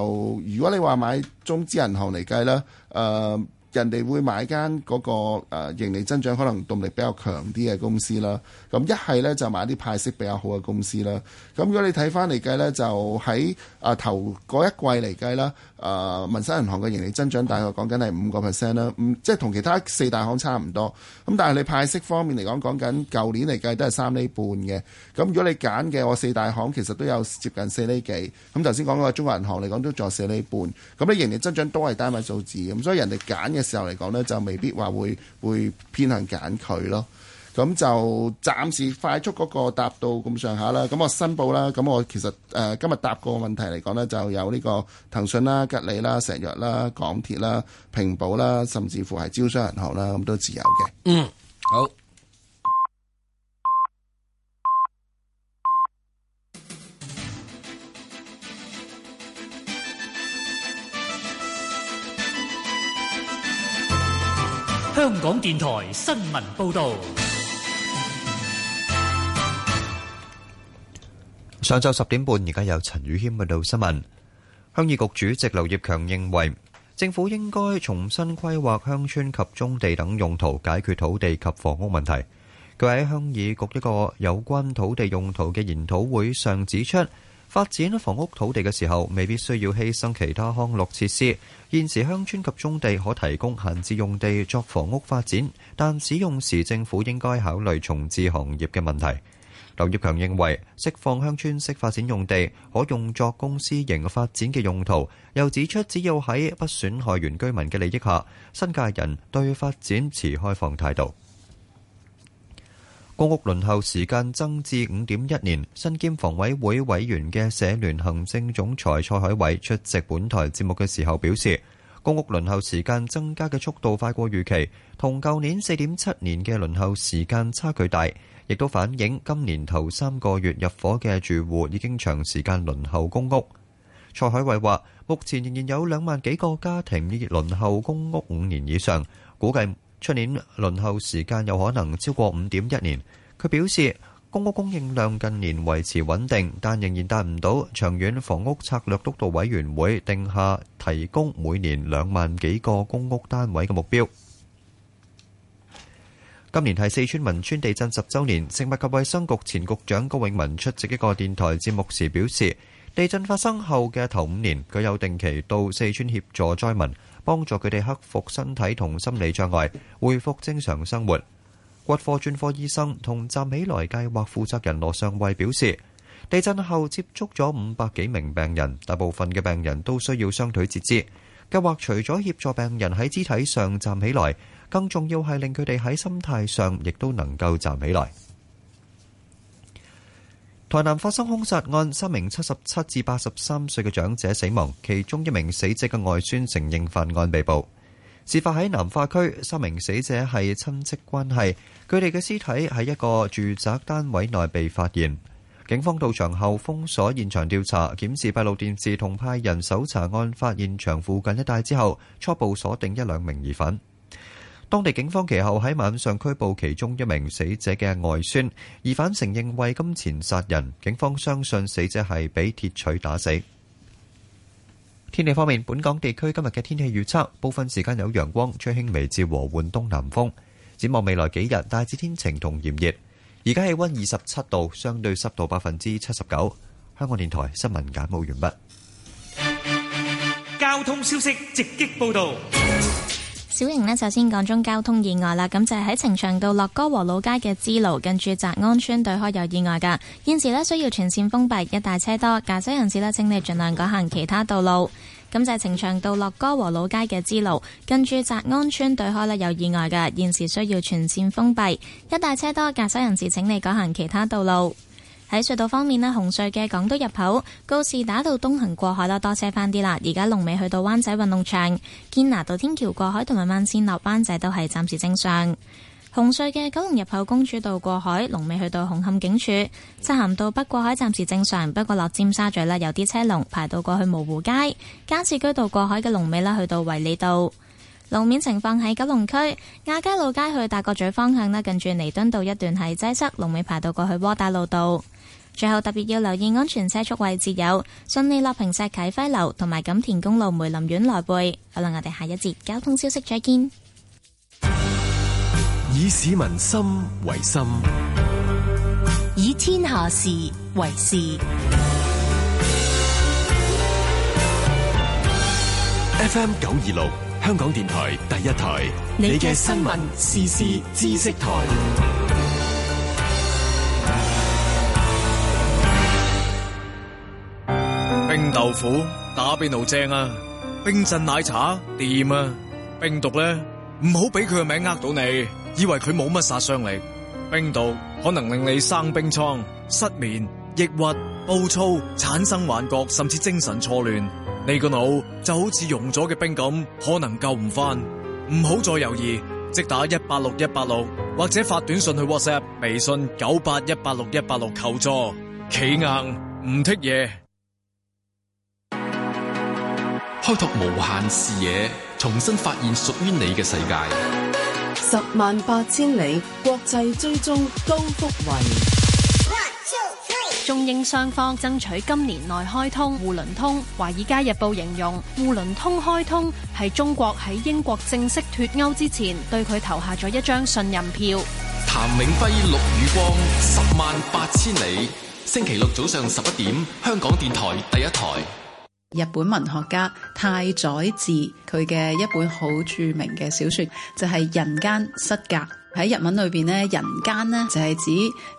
如果你話買中資銀行嚟計啦。誒、呃。人哋會買間嗰個盈利增長可能動力比較強啲嘅公司啦。咁一係呢，就買啲派息比較好嘅公司啦。咁如果你睇翻嚟計呢，就喺啊頭嗰一季嚟計啦，誒、啊、民生銀行嘅盈利增長大概講緊係五個 percent 啦。嗯，即係同其他四大行差唔多。咁但係你派息方面嚟講，講緊舊年嚟計都係三厘半嘅。咁如果你揀嘅我四大行其實都有接近四厘幾。咁頭先講嗰個中國銀行嚟講都仲係四厘半。咁你盈利增長都係單位數字。咁所以人哋揀嘅嘅時候嚟講呢，就未必話會會偏向揀佢咯。咁就暫時快速嗰個答到咁上下啦。咁我申報啦。咁我其實誒、呃、今日答個問題嚟講呢，就有呢個騰訊啦、吉利啦、石藥啦、港鐵啦、平保啦，甚至乎係招商銀行啦，咁都自有嘅。嗯，好。港電台新聞報道：上晝十點半，而家有陳宇謙報道新聞。鄉議局主席劉業強認為，政府應該重新規劃鄉村及棕地等用途，解決土地及房屋問題。佢喺鄉議局一個有關土地用途嘅研討會上指出。發展房屋土地嘅時候，未必需要犧牲其他康樂設施。現時鄉村及棕地可提供閒置用地作房屋發展，但使用時政府應該考慮重置行業嘅問題。劉業強認為釋放鄉村式發展用地可用作公私營發展嘅用途，又指出只要喺不損害原居民嘅利益下，新界人對發展持開放態度。公屋輪候時間增至五點一年，身兼房委會委員嘅社聯行政總裁蔡海偉出席本台節目嘅時候表示，公屋輪候時間增加嘅速度快過預期，同舊年四點七年嘅輪候時間差距大，亦都反映今年頭三個月入伙嘅住戶已經長時間輪候公屋。蔡海偉話，目前仍然有兩萬幾個家庭已輪候公屋五年以上，估計，出年輪候時間有可能超過五點一年。佢表示，公屋供應量近年維持穩定，但仍然達唔到長遠房屋策略督導委員會定下提供每年兩萬幾個公屋單位嘅目標。今年係四川汶川地震十週年，食物及衛生局前局長高永文出席一個電台節目時表示，地震發生後嘅頭五年，佢有定期到四川協助災民。幫助佢哋克服身體同心理障礙，恢復正常生活。骨科專科醫生同站起來計劃負責人羅尚偉表示：地震後接觸咗五百幾名病人，大部分嘅病人都需要雙腿截肢。計劃除咗協助病人喺肢體上站起來，更重要係令佢哋喺心態上亦都能夠站起來。台南發生兇殺案，三名七十七至八十三歲嘅長者死亡，其中一名死者嘅外孫承認犯案被捕。事發喺南化區，三名死者係親戚關係，佢哋嘅屍體喺一個住宅單位內被發現。警方到場後封鎖現場調查，檢視閉路電視，同派人搜查案發現場附近一帶之後，初步鎖定一兩名疑犯。當地警方其後喺晚上拘捕其中一名死者嘅外孫，疑犯承認為金錢殺人。警方相信死者係被鐵錘打死。天氣方面，本港地區今日嘅天氣預測，部分時間有陽光，吹輕微至和緩東南風。展望未來幾日，大致天晴同炎熱。而家氣温二十七度，相對濕度百分之七十九。香港電台新聞簡報完畢。交通消息直擊報道。小型呢，就先講中交通意外啦。咁就係喺呈祥道落歌和老街嘅支路近住澤安村對開有意外嘅，現時呢，需要全線封閉，一帶車多，駕駛人士呢，請你盡量改行其他道路。咁就係呈祥道落歌和老街嘅支路近住澤安村對開呢，有意外嘅，現時需要全線封閉，一帶車多，駕駛人士請你改行其他道路。喺隧道方面呢，紅隧嘅港島入口告士打道東行過海啦，多車翻啲啦。而家龍尾去到灣仔運動場，堅拿道天橋過海同埋慢線落灣仔都係暫時正常。紅隧嘅九龍入口公主道過海，龍尾去到紅磡警署，漆咸道北過海暫時正常。不過落尖沙咀啦，有啲車龍排到過去蕪湖街，加士居道過海嘅龍尾啦，去到維里道。路面情況喺九龍區亞皆老街去大角咀方向咧，近住彌敦道一段係擠塞，龍尾排到過去窩打老道。最後特別要留意安全車速位置，有順利樂平石啟輝樓同埋錦田公路梅林苑來背。好啦，我哋下一節交通消息再見。以市民心為心，以天下事為事。FM 九二六，香港電台第一台，你嘅新聞時事知識台。冰豆腐打邊爐正啊，冰鎮奶茶掂啊，冰毒咧，唔好俾佢個名呃到你，以為佢冇乜殺傷力，冰毒可能令你生冰瘡、失眠、抑鬱、暴躁、產生幻覺，甚至精神錯亂。你個腦就好似融咗嘅冰咁，可能救唔返。唔好再猶豫，即打一八六一八六，或者發短信去 WhatsApp、微信九八一八六一八六求助。企硬唔剔嘢。開拓無限視野，重新發現屬於你嘅世界。十萬八千里國際追蹤高福威。One, two, three. 中英雙方爭取今年內開通滬倫通。華爾街日報形容滬倫通開通係中國喺英國正式脱歐之前對佢投下咗一張信任票。譚永輝、陸宇光，十萬八千里，星期六早上十一點，香港電台第一台。日本文學家太宰治佢嘅一本好著名嘅小說就係《人間失格》。喺日文裏邊咧，人間咧就係指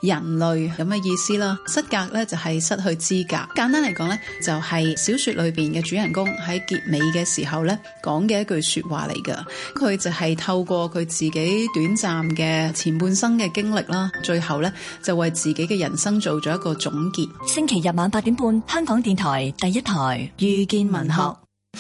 人類咁嘅意思啦。失格咧就係失去資格。簡單嚟講咧，就係小說裏邊嘅主人公喺結尾嘅時候咧講嘅一句說話嚟㗎。佢就係透過佢自己短暫嘅前半生嘅經歷啦，最後咧就為自己嘅人生做咗一個總結。星期日晚八點半，香港電台第一台遇見文學。嗯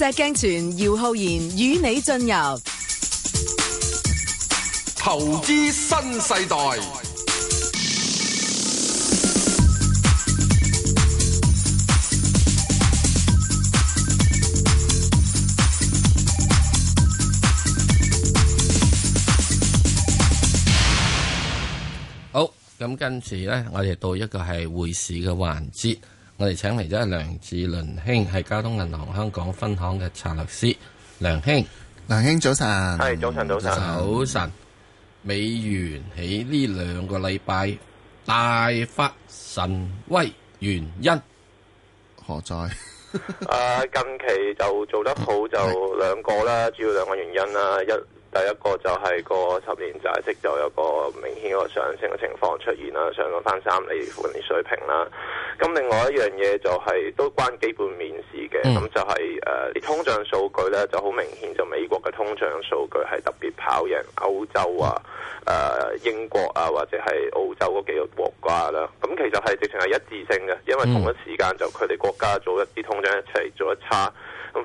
石鏡泉、姚浩然與你進入投資新世代。好，咁跟住咧，我哋到一個係匯市嘅環節。我哋請嚟咗係梁志倫兄，係交通銀行香港分行嘅查律師梁兄。梁兄早晨，係早晨早晨，早晨。早晨美元喺呢兩個禮拜大發神威，原因何在？誒 ，uh, 近期就做得好就兩個啦，主要兩個原因啦，啊，一。一有一個就係個十年債息就有個明顯個上升嘅情況出現啦，上咗翻三厘附近水平啦。咁另外一樣嘢就係、是、都關基本面的事嘅，咁就係、是、誒、呃、通脹數據咧，就好明顯就美國嘅通脹數據係特別跑贏歐洲啊、誒、呃、英國啊或者係澳洲嗰幾個國家啦。咁其實係直情係一致性嘅，因為同一時間就佢哋國家做一啲通脹一齊做一差。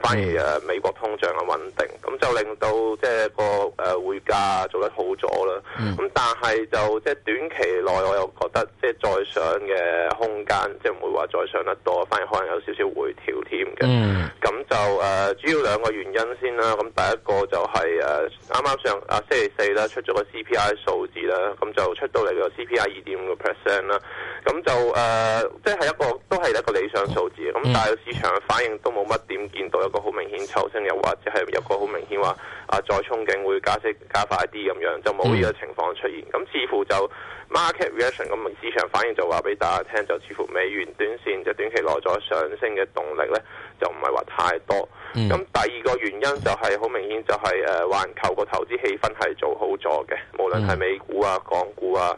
反而誒、啊、美國通脹嘅穩定，咁就令到即係個誒匯價做得好咗啦。咁、嗯、但係就即係短期內，我又覺得即係再上嘅空間，即係唔會話再上得多，反而可能有少少回調添嘅。咁就誒主要兩個原因先啦。咁第一個就係誒啱啱上啊星期四啦出咗個 CPI 數字啦，咁、嗯、就出到嚟個 CPI 二點五個 percent 啦。咁、嗯、就誒、呃、即係一個都係一個理想數字，咁但係個市場嘅反應都冇乜點見到。有個好明顯抽升，又或者係有個好明顯話啊再憧憬會加息加快啲咁樣，就冇呢個情況出現。咁、嗯、似乎就 market reaction 咁市場反應就話俾大家聽，就似乎美元短線就短期內咗上升嘅動力咧，就唔係話太多。咁、嗯、第二個原因就係、是、好明顯就係誒環球個投資氣氛係做好咗嘅，無論係美股啊、港股啊，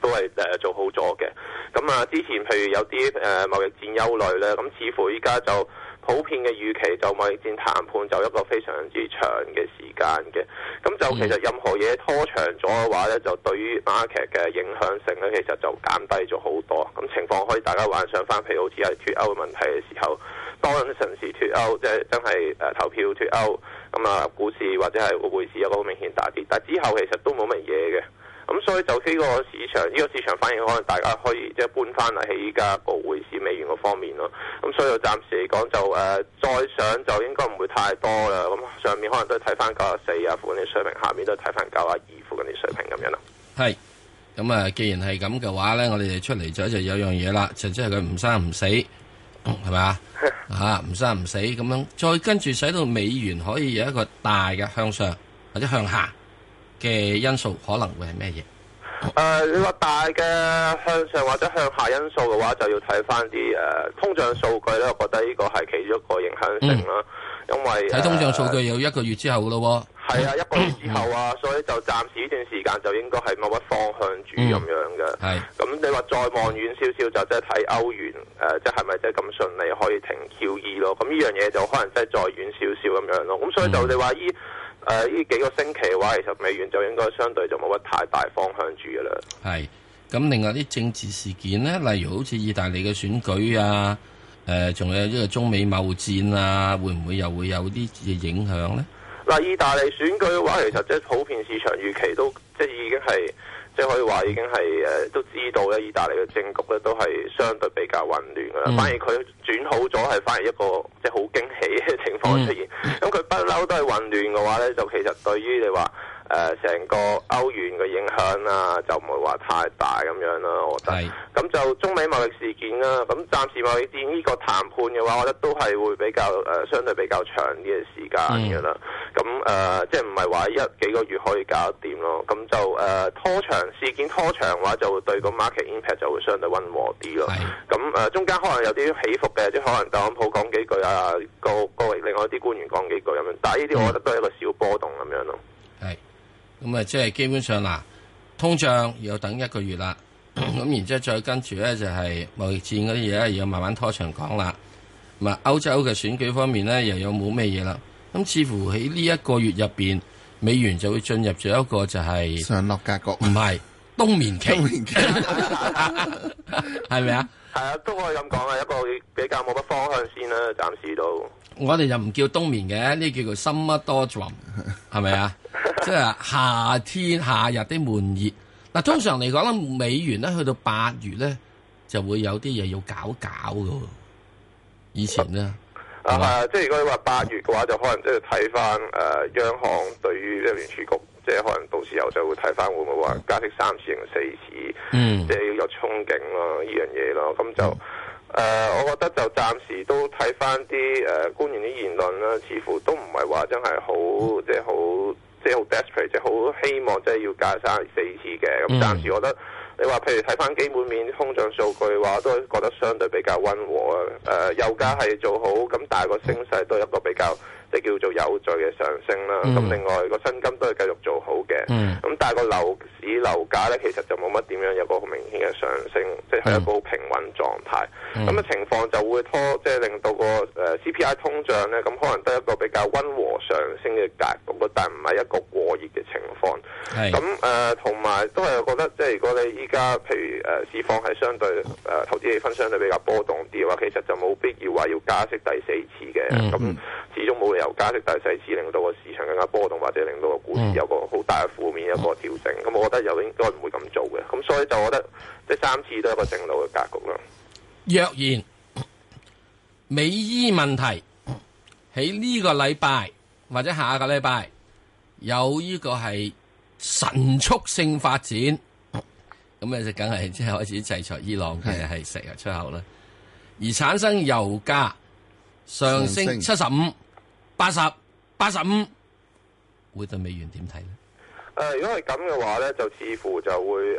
都係誒做好咗嘅。咁啊，之前譬如有啲誒貿易戰憂慮咧，咁似乎依家就。普遍嘅預期就貿易戰談判就一個非常之長嘅時間嘅，咁就其實任何嘢拖長咗嘅話咧，就對於 market 嘅影響性咧，其實就減低咗好多。咁情況可以大家幻想返，譬如好似係脱歐嘅問題嘅時候，當陣時脱歐即係、就是、真係誒投票脱歐，咁啊股市或者係匯市有個明顯大跌，但之後其實都冇乜嘢嘅。咁所以就呢個市場，呢、這個市場反應可能大家可以即係搬翻嚟起家，報匯市美元嗰方面咯。咁所以我暫時嚟講就誒、呃，再上就應該唔會太多啦。咁上面可能都係睇翻九啊四啊附近啲水平，下面都係睇翻九啊二附近啲水平咁樣咯。係。咁、就是、 啊，既然係咁嘅話咧，我哋出嚟咗就有樣嘢啦，就即係佢唔生唔死，係咪？吓，唔生唔死咁樣，再跟住使到美元可以有一個大嘅向上或者向下。嘅因素可能會係咩嘢？誒，你話大嘅向上或者向下因素嘅話，就要睇翻啲誒通脹數據啦。我覺得呢個係其中一個影響性啦，嗯、因為喺通脹數據、呃、有一個月之後嘅咯喎。係啊，嗯、一個月之後啊，嗯、所以就暫時呢段時間就應該係冇乜方向主咁、嗯、樣嘅。係咁是，你話再望遠少少，就即係睇歐元誒，即係咪即係咁順利可以停 QE 咯？咁呢樣嘢就可能即係再遠少少咁樣咯。咁所以就你話依。嗯誒呢、呃、幾個星期嘅話，其實美元就應該相對就冇乜太大方向住嘅啦。係，咁另外啲政治事件呢，例如好似意大利嘅選舉啊，誒、呃，仲有呢個中美貿戰啊，會唔會又會有啲嘅影響呢？嗱、呃，意大利選舉嘅話，其實即係普遍市場預期都即係、就是、已經係。即係可以話已經係誒、呃、都知道咧，意大利嘅政局咧都係相對比較混亂嘅啦。Mm. 反而佢轉好咗係反而一個即係好驚喜嘅情況出現。咁佢不嬲都係混亂嘅話咧，就其實對於你話，誒，成、呃、個歐元嘅影響啊，就唔會話太大咁樣啦、啊。我覺得咁是就中美貿易事件啦、啊。咁暫時貿易事件呢、這個談判嘅話，我覺得都係會比較誒、呃，相對比較長啲嘅時間噶、啊、啦。咁誒是、呃，即係唔係話一幾個月可以搞掂咯。咁就誒、呃、拖長事件拖長嘅話，就會對個 market impact 就會相對溫和啲咯。咁誒是、呃，中間可能有啲起伏嘅，即係可能特朗普講幾句啊，個、啊、個另外啲官員講幾句咁樣，但係呢啲我覺得都係一個小波動咁樣咯、啊。咁啊，即係基本上啦，通脹要等一個月啦，咁然之後再跟住咧就係貿易戰嗰啲嘢又要慢慢拖長講啦。咁啊，歐洲嘅選舉方面咧又有冇咩嘢啦？咁似乎喺呢一個月入邊，美元就會進入咗一個就係、係、上落格局，唔係冬眠期，係咪啊？係啊， 都可以咁講啊，一個比較冇乜方向先啦，暫時都。我哋就唔叫冬眠嘅，呢叫做 summer doldrum，d u 係咪啊？即係 夏天夏日啲悶熱。嗱，通常嚟講咧，美元咧去到八月咧，就會有啲嘢要搞搞嘅。以前咧，啊，吧啊，即係如果你話八月嘅話，就可能即係睇翻誒央行對於聯儲局，即、就、係、是、可能到時又就會睇翻會唔會話加息三次定四次，次嗯，即係要有憧憬咯呢樣嘢咯，咁就。嗯誒，uh, 我覺得就暫時都睇翻啲誒官員啲言論啦，似乎都唔係話真係好、mm.，即係好，即係好 desperate，即係好希望，即係要加三四次嘅。咁暫時我覺得，你話譬如睇翻基本面通脹數據話，都覺得相對比較溫和啊。誒，油價係做好，咁但係個升勢都一個比較。即叫做有序嘅上升啦。咁、嗯、另外個薪金都係繼續做好嘅。咁、嗯、但係個樓市樓價咧，其實就冇乜點樣有個好明顯嘅上升，即係、嗯、一個平穩狀態。咁嘅、嗯、情況就會拖，即、就、係、是、令到個誒 CPI 通脹咧，咁可能得一個比較溫和上升嘅格局。但唔係一個過熱嘅情況。咁誒同埋都係我覺得，即係如果你依家譬如誒、呃、市況係相對誒、呃、投資氣氛相對比較波動啲嘅話，其實就冇必要話要加息第四次嘅。咁始終冇人。嗯油價息大洗滌，令到個市場更加波動，或者令到個股市有個好大嘅負面一個調整。咁、嗯、我覺得又應該唔會咁做嘅。咁所以就我覺得，即係三次都係一個正路嘅格局咯。若然美伊問題喺呢個禮拜或者下個禮拜有呢個係神速性發展，咁你就梗係即係開始制裁伊朗嘅係石油出口啦，而產生油價上升七十五。八十八十五，會對美元點睇咧？如果係咁嘅話咧，就似乎就會誒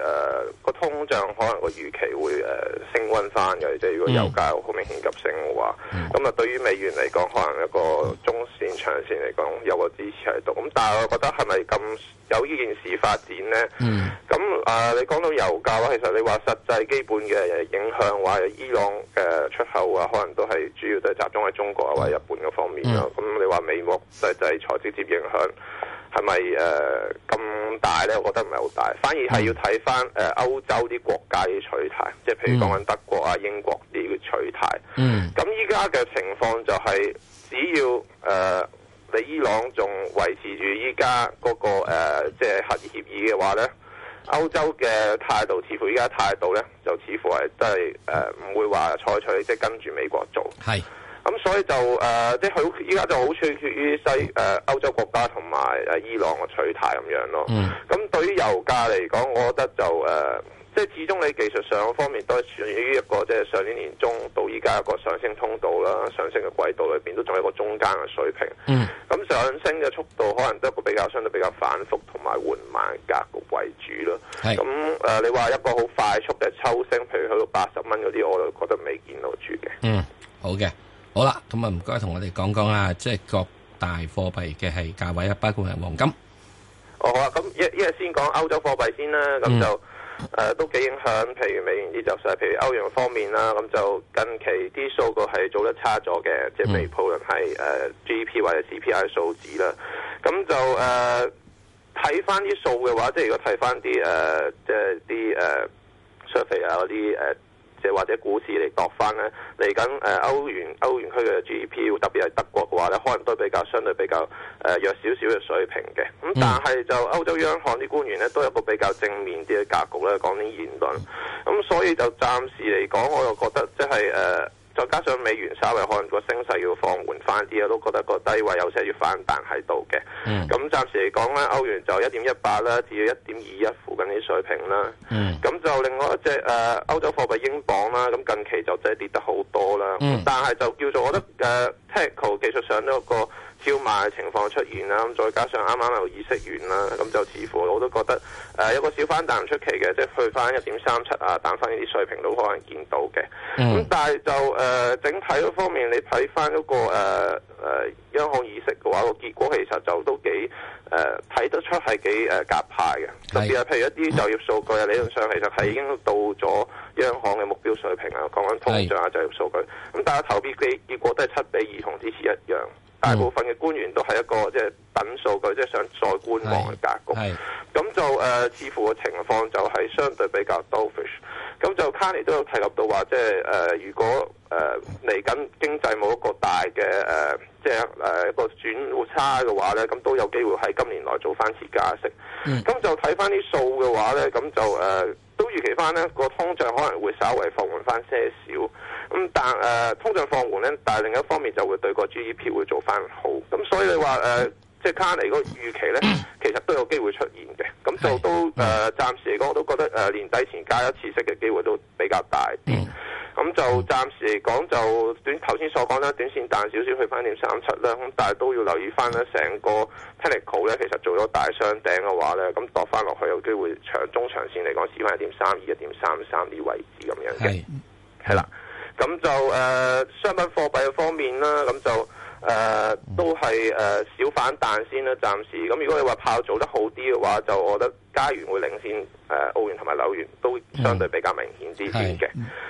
個、呃、通脹可能個預期會誒、呃、升溫翻嘅，即係如果油價好明顯急升嘅話，咁啊、嗯、對於美元嚟講，可能一個中線、長線嚟講有個支持喺度。咁但係我覺得係咪咁有呢件事發展咧？嗯，咁誒、呃、你講到油價咧，其實你話實際基本嘅影響話，伊朗嘅出口啊，可能都係主要都係集中喺中國啊、或者日本嗰方面咯。咁、嗯、你話美國制裁直接影響？係咪誒咁大咧？我覺得唔係好大，反而係要睇翻誒歐洲啲國家嘅取態，即係譬如講緊德國啊、嗯、英國啲嘅取態。嗯。咁依家嘅情況就係、是，只要誒你、呃、伊朗仲維持住依家嗰個誒，即、呃、係、就是、核協議嘅話咧，歐洲嘅態度，似乎依家態度咧，就似乎係真係誒唔會話採取即係、就是、跟住美國做。係。咁、嗯、所以就即啲好依家就好處於西誒、呃、歐洲國家同埋誒伊朗嘅取態咁樣咯。咁、嗯、對於油價嚟講，我覺得就誒、呃、即係始終你技術上方面都係處於一個即係上年年中到而家一個上升通道啦、上升嘅軌道裏邊，都仲有個中間嘅水平。咁、嗯、上升嘅速度可能都一個比較相對比較反覆同埋緩慢格局為主咯。咁誒是、呃、你話一個好快速嘅抽升，譬如去到八十蚊嗰啲，我就覺得未見到住嘅。嗯，好嘅。好啦，咁啊唔該，同我哋講講啊，即係各大貨幣嘅係價位啊，包括係黃金。哦，好啊，咁一一係先講歐洲貨幣先啦，咁、嗯、就誒、呃、都幾影響，譬如美元呢就係，譬如歐元方面啦，咁就近期啲數據係做得差咗嘅，即係譬如普論係誒 GDP 或者 CPI 數字啦，咁就誒睇翻啲數嘅話，即係如果睇翻啲誒即係啲誒息費啊嗰啲誒。呃就或者股市嚟度翻咧，嚟緊誒歐元歐元區嘅 GDP，特別係德國嘅話咧，可能都比較相對比較誒、呃、弱少少嘅水平嘅。咁、嗯、但係就歐洲央行啲官員咧，都有個比較正面啲嘅格局咧，講啲言論。咁、嗯、所以就暫時嚟講，我又覺得即係誒。呃再加上美元稍微可能個升勢要放緩翻啲啊，都覺得個低位有時係要反彈喺度嘅。咁暫時嚟講咧，歐元就一點一八啦，至到一點二一附近啲水平啦。咁就另外一隻誒歐洲貨幣英鎊啦，咁近期就真係跌得好多啦。但係就叫做我覺得誒 technical 技術上都有個超賣情況出現啦，咁再加上啱啱有議息完啦，咁就似乎我都覺得誒一、呃、個小反彈唔出奇嘅，即係去翻一點三七啊，彈翻呢啲水平都可能見到嘅。咁、嗯、但係就誒、呃、整體嗰方面，你睇翻嗰個誒、呃呃、央行議息嘅話，個結果其實就都幾誒睇得出係幾誒夾派嘅，特別係譬如一啲就業數據啊是，理論上其實係已經到咗央行嘅目標水平啊，講緊通脹啊就業數據，咁是但係投票機結果都係七比二同之前一樣。嗯、大部分嘅官員都係一個即係、就是、等數據，即、就、係、是、想再觀望嘅格局。咁就誒似乎個情況就係相對比較 dovish，咁就卡尼都有提及到話，即係誒、呃、如果誒嚟緊經濟冇一個大嘅誒、呃、即係誒一個轉差嘅話咧，咁都有機會喺今年內做翻次加息。咁、嗯、就睇翻啲數嘅話咧，咁就誒。呃都預期翻呢個通脹可能會稍微放緩翻些少，咁但誒、呃、通脹放緩呢，但係另一方面就會對個 GDP 會做翻好，咁所以你話誒。呃即係卡嚟個預期咧，其實都有機會出現嘅。咁就都誒是、呃，暫時嚟講，我都覺得誒、呃、年底前加一次息嘅機會都比較大啲、嗯。咁就暫時嚟講，就頭先所講啦，短線彈少少，去翻一點三七啦。咁但係都要留意翻咧，成個 technical 咧，其實做咗大雙頂嘅話咧，咁落翻落去有機會長中長線嚟講，試翻一點三二、一點三三啲位置咁樣嘅。係啦，咁、嗯、就誒、呃、商品貨幣方面啦，咁就。誒、呃，都係誒小反彈先啦，暫時咁如果你話炮做得好啲嘅話，就我覺得。加元會領先誒、呃、澳元同埋紐元，都相對比較明顯啲啲嘅。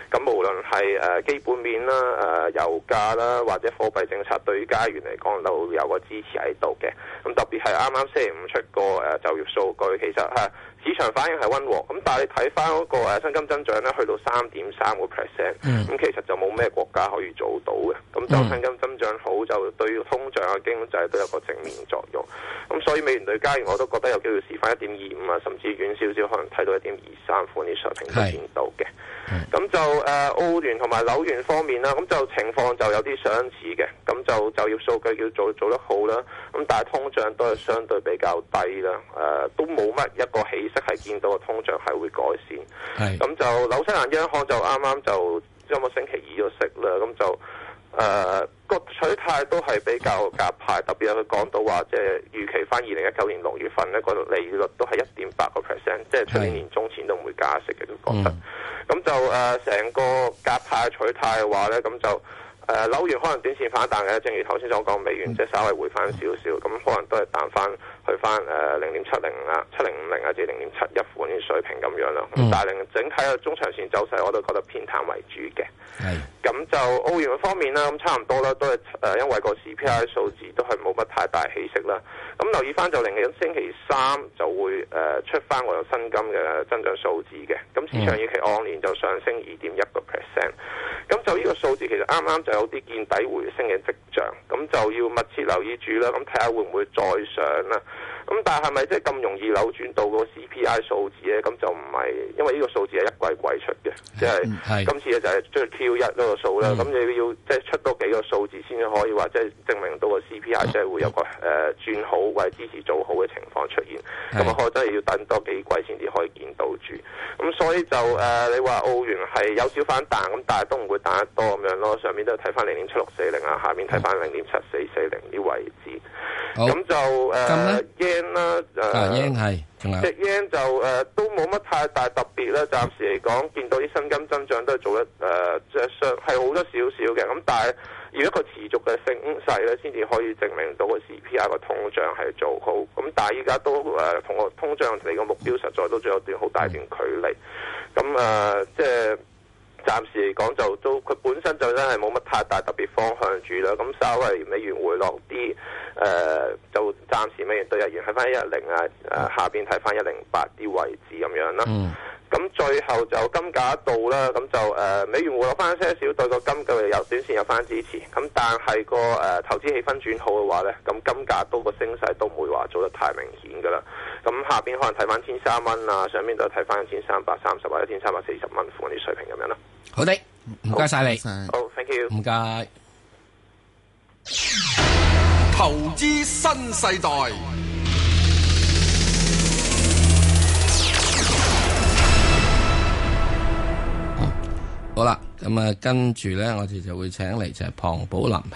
咁、mm. 無論係誒、呃、基本面啦、誒、呃、油價啦，或者貨幣政策對於，對於加元嚟講都有個支持喺度嘅。咁特別係啱啱星期五出個誒、呃、就業數據，其實係、呃、市場反應係溫和。咁但係你睇翻嗰個薪金增長咧，去到三點三個 percent，咁其實就冇咩國家可以做到嘅。咁就薪金增長好就對通脹嘅經濟都有個正面作用。咁所以美元對加元我都覺得有機會試翻一點二五甚至遠少少，可能睇到一點二三款呢個水平都見到嘅。咁 就誒澳、呃、元同埋紐元方面啦，咁、啊、就情況就有啲相似嘅。咁、啊、就就業數據要做做得好啦，咁、啊、但係通脹都係相對比較低啦。誒、啊、都冇乜一個起色係見到通脹係會改善。咁 就紐西蘭央行就啱啱就上個星期二咗息啦，咁就。誒個、uh，取態都係比較夾派，特別係佢講到話，即係預期翻二零一九年六月份咧度利率都係一點八個 percent，即係出年年中前都唔會加息嘅，都講得，咁就誒成、呃、個夾派取態嘅話咧，咁就。誒紐元可能短線反彈嘅，正如頭先所講，美元即係稍微回翻少少，咁、嗯嗯、可能都係彈翻去翻誒零點七零啊、七零五零啊，或者零點七一嗰啲水平咁樣啦。嗯、但係整體嘅中長線走勢，我都覺得偏淡為主嘅。係咁、嗯、就澳元方面啦，咁差唔多啦，都係誒、呃，因為個 CPI 數字都係冇乜太大氣息啦。咁留意翻就另一個星期三就會誒出翻我有薪金嘅增長數字嘅。咁市場預期按年就上升二點一個 percent。咁就呢個數字其實啱啱就是。有啲見底回升嘅跡象，咁就要密切留意住啦。咁睇下會唔會再上啦？咁但係係咪即係咁容易扭轉到個 CPI 數字咧？咁就唔係，因為呢個數字係一季季出嘅，即係是今次咧就係出 Q 一嗰個數咧。咁、嗯、你要即係、就是、出多幾個數字先至可以話即係證明到個 CPI 即係會有個誒轉、呃、好或者支持做好嘅情況出現。咁啊是，可真係要等多幾季先至可以見到住。咁所以就誒、呃，你話澳元係有少反彈，咁但係都唔會彈得多咁樣咯。上面都睇翻零點七六四零啊，下面睇翻零點七四四零啲位置。咁好就誒？呃 yen 啦，誒，隻 yen 就誒、呃、都冇乜太大特別啦。暫時嚟講，見到啲薪金增長都係做得誒，即係上係好多少少嘅。咁但係要一個持續嘅升勢咧，先至可以證明到個 CPI 個通脹係做好。咁但係依家都誒同個通脹嚟個目標實在都仲有段好大段距離。咁誒、嗯呃，即係。暫時嚟講就都佢本身就真係冇乜太大特別方向住啦，咁稍微美元回落啲，誒、呃、就暫時美元兌日元喺翻一一零啊，誒下邊睇翻一零八啲位置咁樣啦。咁、嗯、最後就金價一到啦，咁就誒、呃、美元回落翻一些少，對個金嘅有短線有翻支持。咁但係、那個誒、呃、投資氣氛轉好嘅話咧，咁金價都個升勢都唔會話做得太明顯噶啦。咁下邊可能睇翻千三蚊啊，上邊就睇翻一千三百三十或一千三百四十蚊附近啲水平咁樣啦。好的，唔該晒你。好，你好，thank you，唔該。投資新世代。好，好啦，咁啊，跟住咧，我哋就會請嚟，就係龐寶林兄，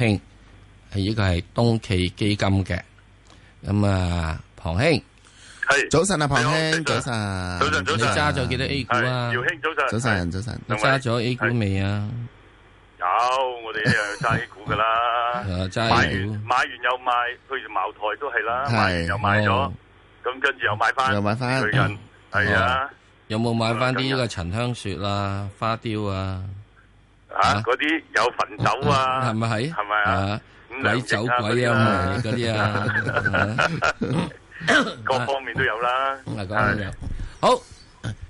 係、這、依個係東驥基金嘅，咁啊，龐兄。係，早晨啊，彭兄，早晨，早晨，早晨，你揸咗幾多 A 股啊？姚兄，早晨，早晨，早晨，你揸咗 A 股未啊？有，我哋一樣揸 A 股噶啦，買完買完又賣，譬如茅台都係啦，買完又賣咗，咁跟住又買翻，又買翻，最近，係啊，有冇買翻啲呢個陳香雪啦、花雕啊？啊，嗰啲有汾酒啊？係咪係？係咪啊？鬼酒鬼音嚟嗰啲啊？各方面都有啦，咁嚟講，好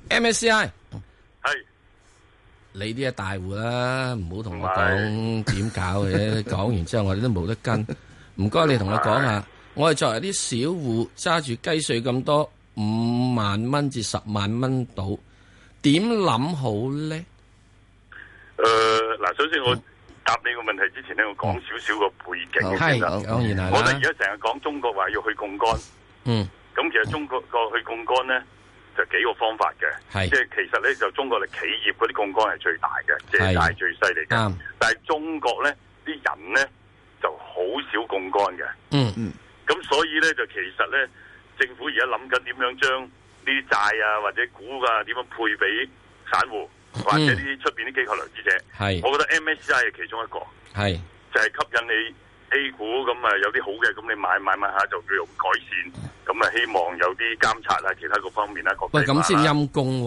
MSCI 係你啲係大戶啦，唔好同我講點搞嘅，講完之後我哋都冇得跟。唔該，你同我講下，我哋係作為啲小戶，揸住雞碎咁多五萬蚊至十萬蚊到，點諗好咧？誒，嗱，首先我答你個問題之前咧，我講少少個背景。係，當然係啦。我哋而家成日講中國話要去槓桿。嗯，咁其實中國個去槓桿咧就幾個方法嘅，是即係其實咧就中國嘅企業嗰啲槓桿係最大嘅，借係大最犀利嘅。嗯、但係中國咧啲人咧就好少槓桿嘅。嗯嗯，咁所以咧就其實咧政府而家諗緊點樣將呢啲債啊或者股噶、啊、點樣配俾散戶、嗯、或者呢啲出邊啲機構投資者。係、嗯，我覺得 MSCI 係其中一個。係是，就係吸引你。是 A 股咁啊有啲好嘅，咁你買買買下就叫做改善，咁啊希望有啲監察啊，其他各方面啦，各。喂，咁先陰公。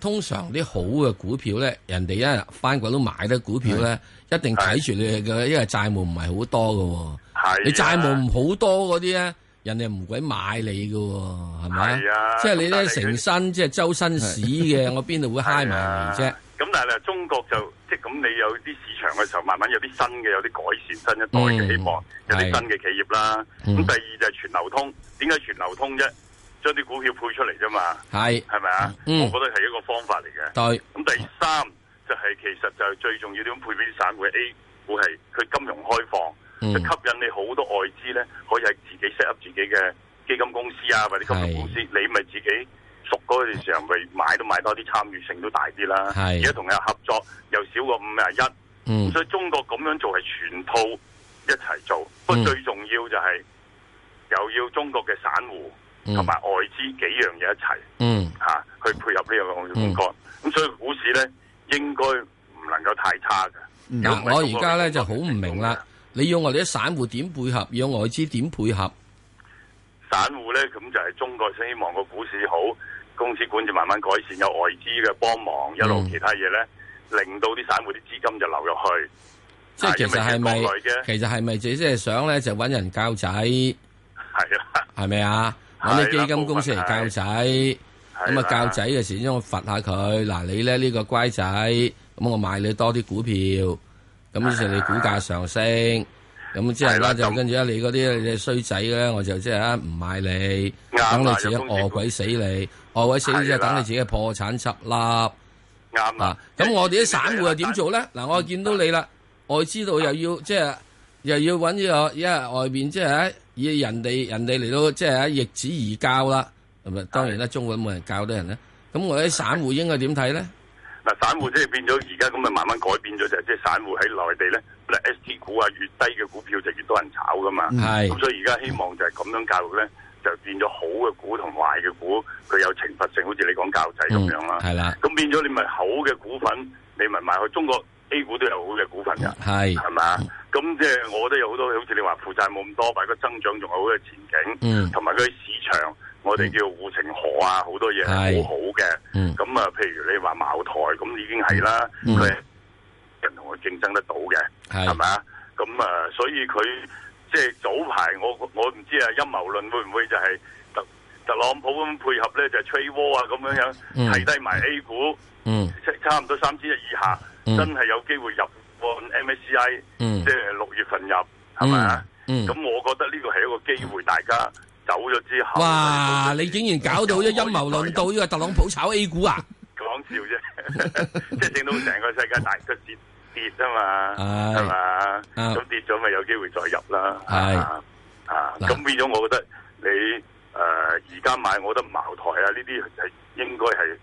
通常啲好嘅股票咧，人哋一日翻國都買得股票咧，是一定睇住你嘅，是因為債務唔係、啊、好多噶。係。你債務唔好多嗰啲咧，人哋唔鬼買你噶，係咪係啊？即係你咧成身，即係周身屎嘅，是我邊度會嗨埋？啫、啊？咁但係咧，中國就即係咁，你有啲市場嘅時候，慢慢有啲新嘅，有啲改善，新一代嘅希望，有啲新嘅企業啦。咁、嗯嗯、第二就係全流通，點解全流通啫？將啲股票配出嚟啫嘛。係、嗯，係咪啊？嗯、我覺得係一個方法嚟嘅。對。咁、嗯嗯、第三就係其實就最重要點配俾啲散戶？A 股係佢金融開放，就吸引你好多外資咧，可以係自己 set up 自己嘅基金公司啊，或者金融公司，你咪自己。熟嗰個時候咪買都買多啲，參與性都大啲啦。而家同佢合作又少過五廿一，咁所以中國咁樣做係全套一齊做。嗯、不過最重要就係又要中國嘅散戶同埋外資幾樣嘢一齊，嚇、嗯啊、去配合呢樣嘅感覺。咁、嗯、所以股市咧應該唔能夠太差嘅。啊、我我而家咧就好唔明啦。你要我哋啲散戶點配合，要外資點配合？散戶咧咁就係中國希望個股市好，好。公司管治慢慢改善，有外資嘅幫忙，一路、嗯、其他嘢咧，令到啲散戶啲資金就流入去。即係其實係咪？其實係咪自即係想咧？就揾人教仔，係啦啊，係咪啊？揾啲基金公司嚟教仔，咁啊啦教仔嘅時啦我罰下佢。嗱啦，你咧呢、呢個乖仔，咁我買你多啲股票，咁於是你股價上升。啦咁即係啦，就跟住咧，你嗰啲你衰仔咧，我就即係咧唔買你，等你自己餓鬼死你，餓鬼死你，即係等你自己破產執笠。啱啊。咁我哋啲散戶又點做咧？嗱，我見到你啦，我知道又要即係又要搵呢個，因為外邊即係以人哋人哋嚟到即係咧逆子而教啦，係咪？當然啦，中國冇人教啲人咧。咁我啲散戶應該點睇咧？嗱，散戶即係變咗而家咁啊，慢慢改變咗就係即係散戶喺內地咧。ST 股啊，越低嘅股票就越多人炒噶嘛，係。咁所以而家希望就係咁樣教育咧，就變咗好嘅股同壞嘅股，佢有懲罰性，好似你講教仔咁樣啦。係啦。咁變咗你咪好嘅股份，你咪買去中國 A 股都有好嘅股份噶。係、mm, 吧。係嘛？咁即係我覺得有好多，好似你話負債冇咁多，但係個增長仲有好嘅前景。嗯。同埋佢市場，mm, 我哋叫護城河啊，多好多嘢係好好嘅。咁啊，譬如你話茅台，咁已經係啦。嗯。人同我競爭得到嘅，係咪啊？咁啊、呃，所以佢即係早排，我我唔知啊，陰謀論會唔會就係特特朗普咁配合咧，就 trade war 啊咁樣樣，提低埋 A 股，嗯、差唔多三千日以下，嗯、真係有機會入 o MSCI，、嗯、即係六月份入，係咪啊？咁吧、嗯、我覺得呢個係一個機會，大家走咗之後，哇！哇你竟然搞到一陰謀論到呢個特朗普炒 A 股啊？講笑啫 ～即係 整到成個世界大出市跌啊嘛，係嘛、哎，咁跌咗咪有機會再入啦。係啊，咁變咗我覺得你誒而家買，我覺得茅台啊呢啲係應該係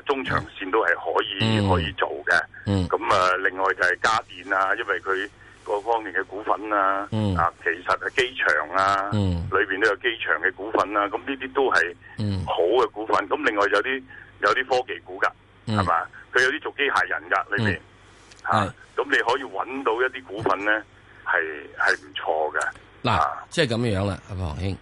誒中長線都係可以、嗯、可以做嘅。嗯，咁啊，另外就係家電啊，因為佢各方面嘅股份啊，嗯、啊，其實係機場啊，嗯、裏邊都有機場嘅股份啦、啊。咁呢啲都係好嘅股份。咁另外有啲有啲科技股㗎。係嘛？佢、嗯、有啲做機械人噶呢邊，吓，咁你可以揾到一啲股份咧，係係唔錯嘅。嗱、啊，即係咁樣啦，阿、就、黃、是、兄，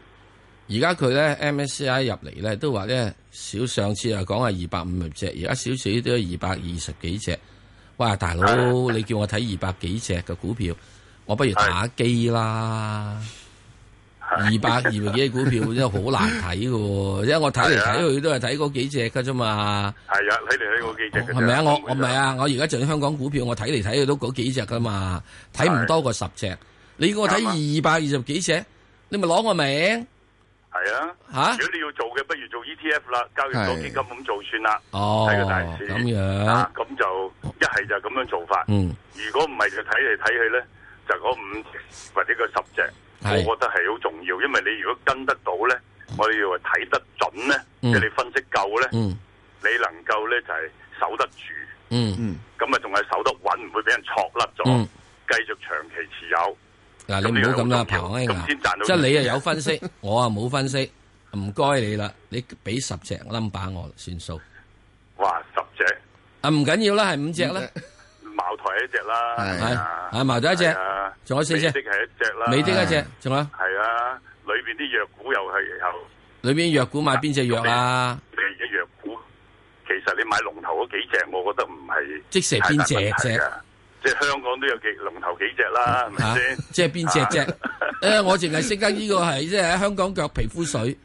而家佢咧 MSCI 入嚟咧都話咧少，上次又講係二百五十隻，而家少少都二百二十幾隻。哇，大佬，的你叫我睇二百幾隻嘅股票，我不如打機啦。二百二十幾隻股票真係好難睇嘅，因為我睇嚟睇去都係睇嗰幾隻噶啫嘛。係啊，睇嚟睇嗰幾隻。係咪啊？我我唔係啊！我而家做香港股票，我睇嚟睇去都嗰幾隻噶嘛，睇唔多過十隻。你叫我睇二百二十幾隻，你咪攞我名。係啊，吓！如果你要做嘅，不如做 ETF 啦，交易嗰基金咁做算啦。哦，咁樣。啊，咁就一係就咁樣做法。嗯。如果唔係就睇嚟睇去咧，就嗰五或者嗰十隻。我覺得係好重要，因為你如果跟得到咧，我哋要睇得準咧，即係你分析夠咧，你能夠咧就係守得住，咁啊仲係守得穩，唔會俾人錯甩咗，繼續長期持有。嗱、啊，你唔好咁啦，平咁先賺到、啊。即係你又有分析， 我啊冇分析，唔該你，你、啊、啦，你俾十隻 number 我算數。哇、嗯，十隻啊唔緊要啦，係五隻啦。茅台一隻啦，係啊，茅台一隻，仲有四隻，美的係一隻啦，美的一隻，仲有，係啊，裏邊啲藥股又係又，裏邊藥股買邊隻藥啊？啲藥股，其實你買龍頭嗰幾隻，我覺得唔係，即食邊隻隻？即係香港都有幾龍頭幾隻啦，係咪先？即係邊隻隻？誒，我淨係識得呢個係即係喺香港腳皮膚水。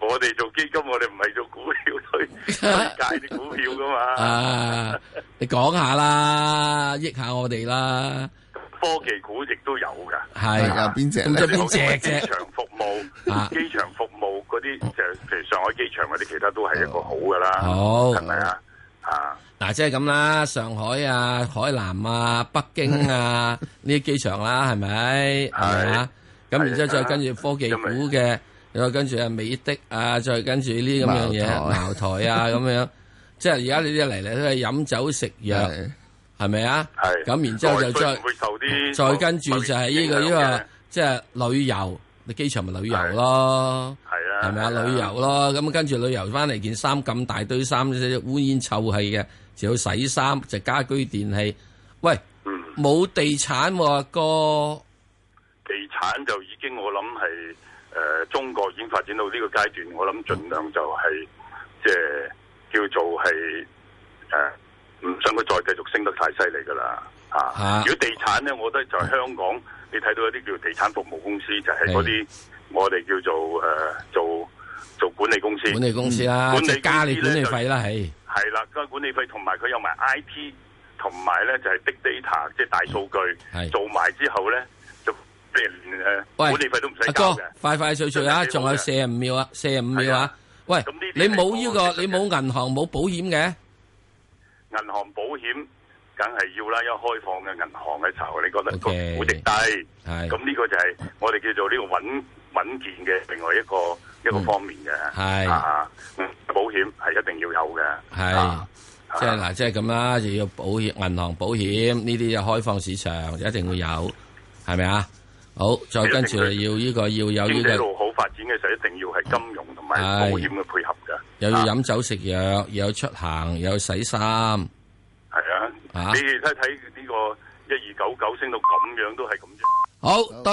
我哋做基金，我哋唔係做股票推介啲股票噶嘛？啊，你講下啦，益下我哋啦。科技股亦都有噶，係啊，邊隻？咁就邊隻啫？機場服務，機場服務嗰啲，即係譬如上海機場或者其他都係一個好噶啦，好係咪啊？啊，嗱，即係咁啦，上海啊、海南啊、北京啊呢啲機場啦，係咪？係啊。咁然之後再跟住科技股嘅。又跟住啊美的啊，再跟住呢啲咁樣嘢，茅台啊咁、啊、樣， 即係而家呢啲嚟嚟都係飲酒食藥，係咪啊？係咁的，的然之後就再再跟住就係呢個呢個，即係旅遊，你機場咪旅遊咯？係啊，係咪啊？旅遊咯，咁跟住旅遊翻嚟件衫咁大堆衫，即係污煙臭氣嘅，仲好洗衫，就家居電器。喂，冇地產喎，阿哥。地產就已經我諗係。誒、呃，中國已經發展到呢個階段，我諗盡量就係即係叫做係誒，唔、呃、想佢再繼續升得太犀利噶啦，吓、啊。啊、如果地產咧，我覺得在香港、啊、你睇到一啲叫地產服務公司，就係嗰啲我哋叫做誒、呃、做做管理公司。管理公司啦，即係加你管理費啦，係。係啦，個管理費同埋佢有埋 IP 同埋咧就係、Big Data，即係大數據做埋的的之後咧。即係誒，管理費都唔使交嘅。阿哥，快快脆脆啊！仲有四十五秒啊！四十五秒啊！喂，你冇呢個，你冇銀行冇保險嘅？銀行保險梗係要啦，因為開放嘅銀行嘅籌，你覺得個估值低？係咁呢個就係我哋叫做呢個穩穩健嘅另外一個一個方面嘅。係啊，保險係一定要有嘅。係即係嗱，即係咁啦，就要保險、銀行、保險呢啲就開放市場，一定會有，係咪啊？好，再跟住要呢個要有呢個路好發展嘅時候，一定要係金融同埋保險嘅配合嘅。又要飲酒食藥，又要出行，又要洗衫，係啊。你哋睇睇呢個一二九九升到咁樣都係咁啫。好。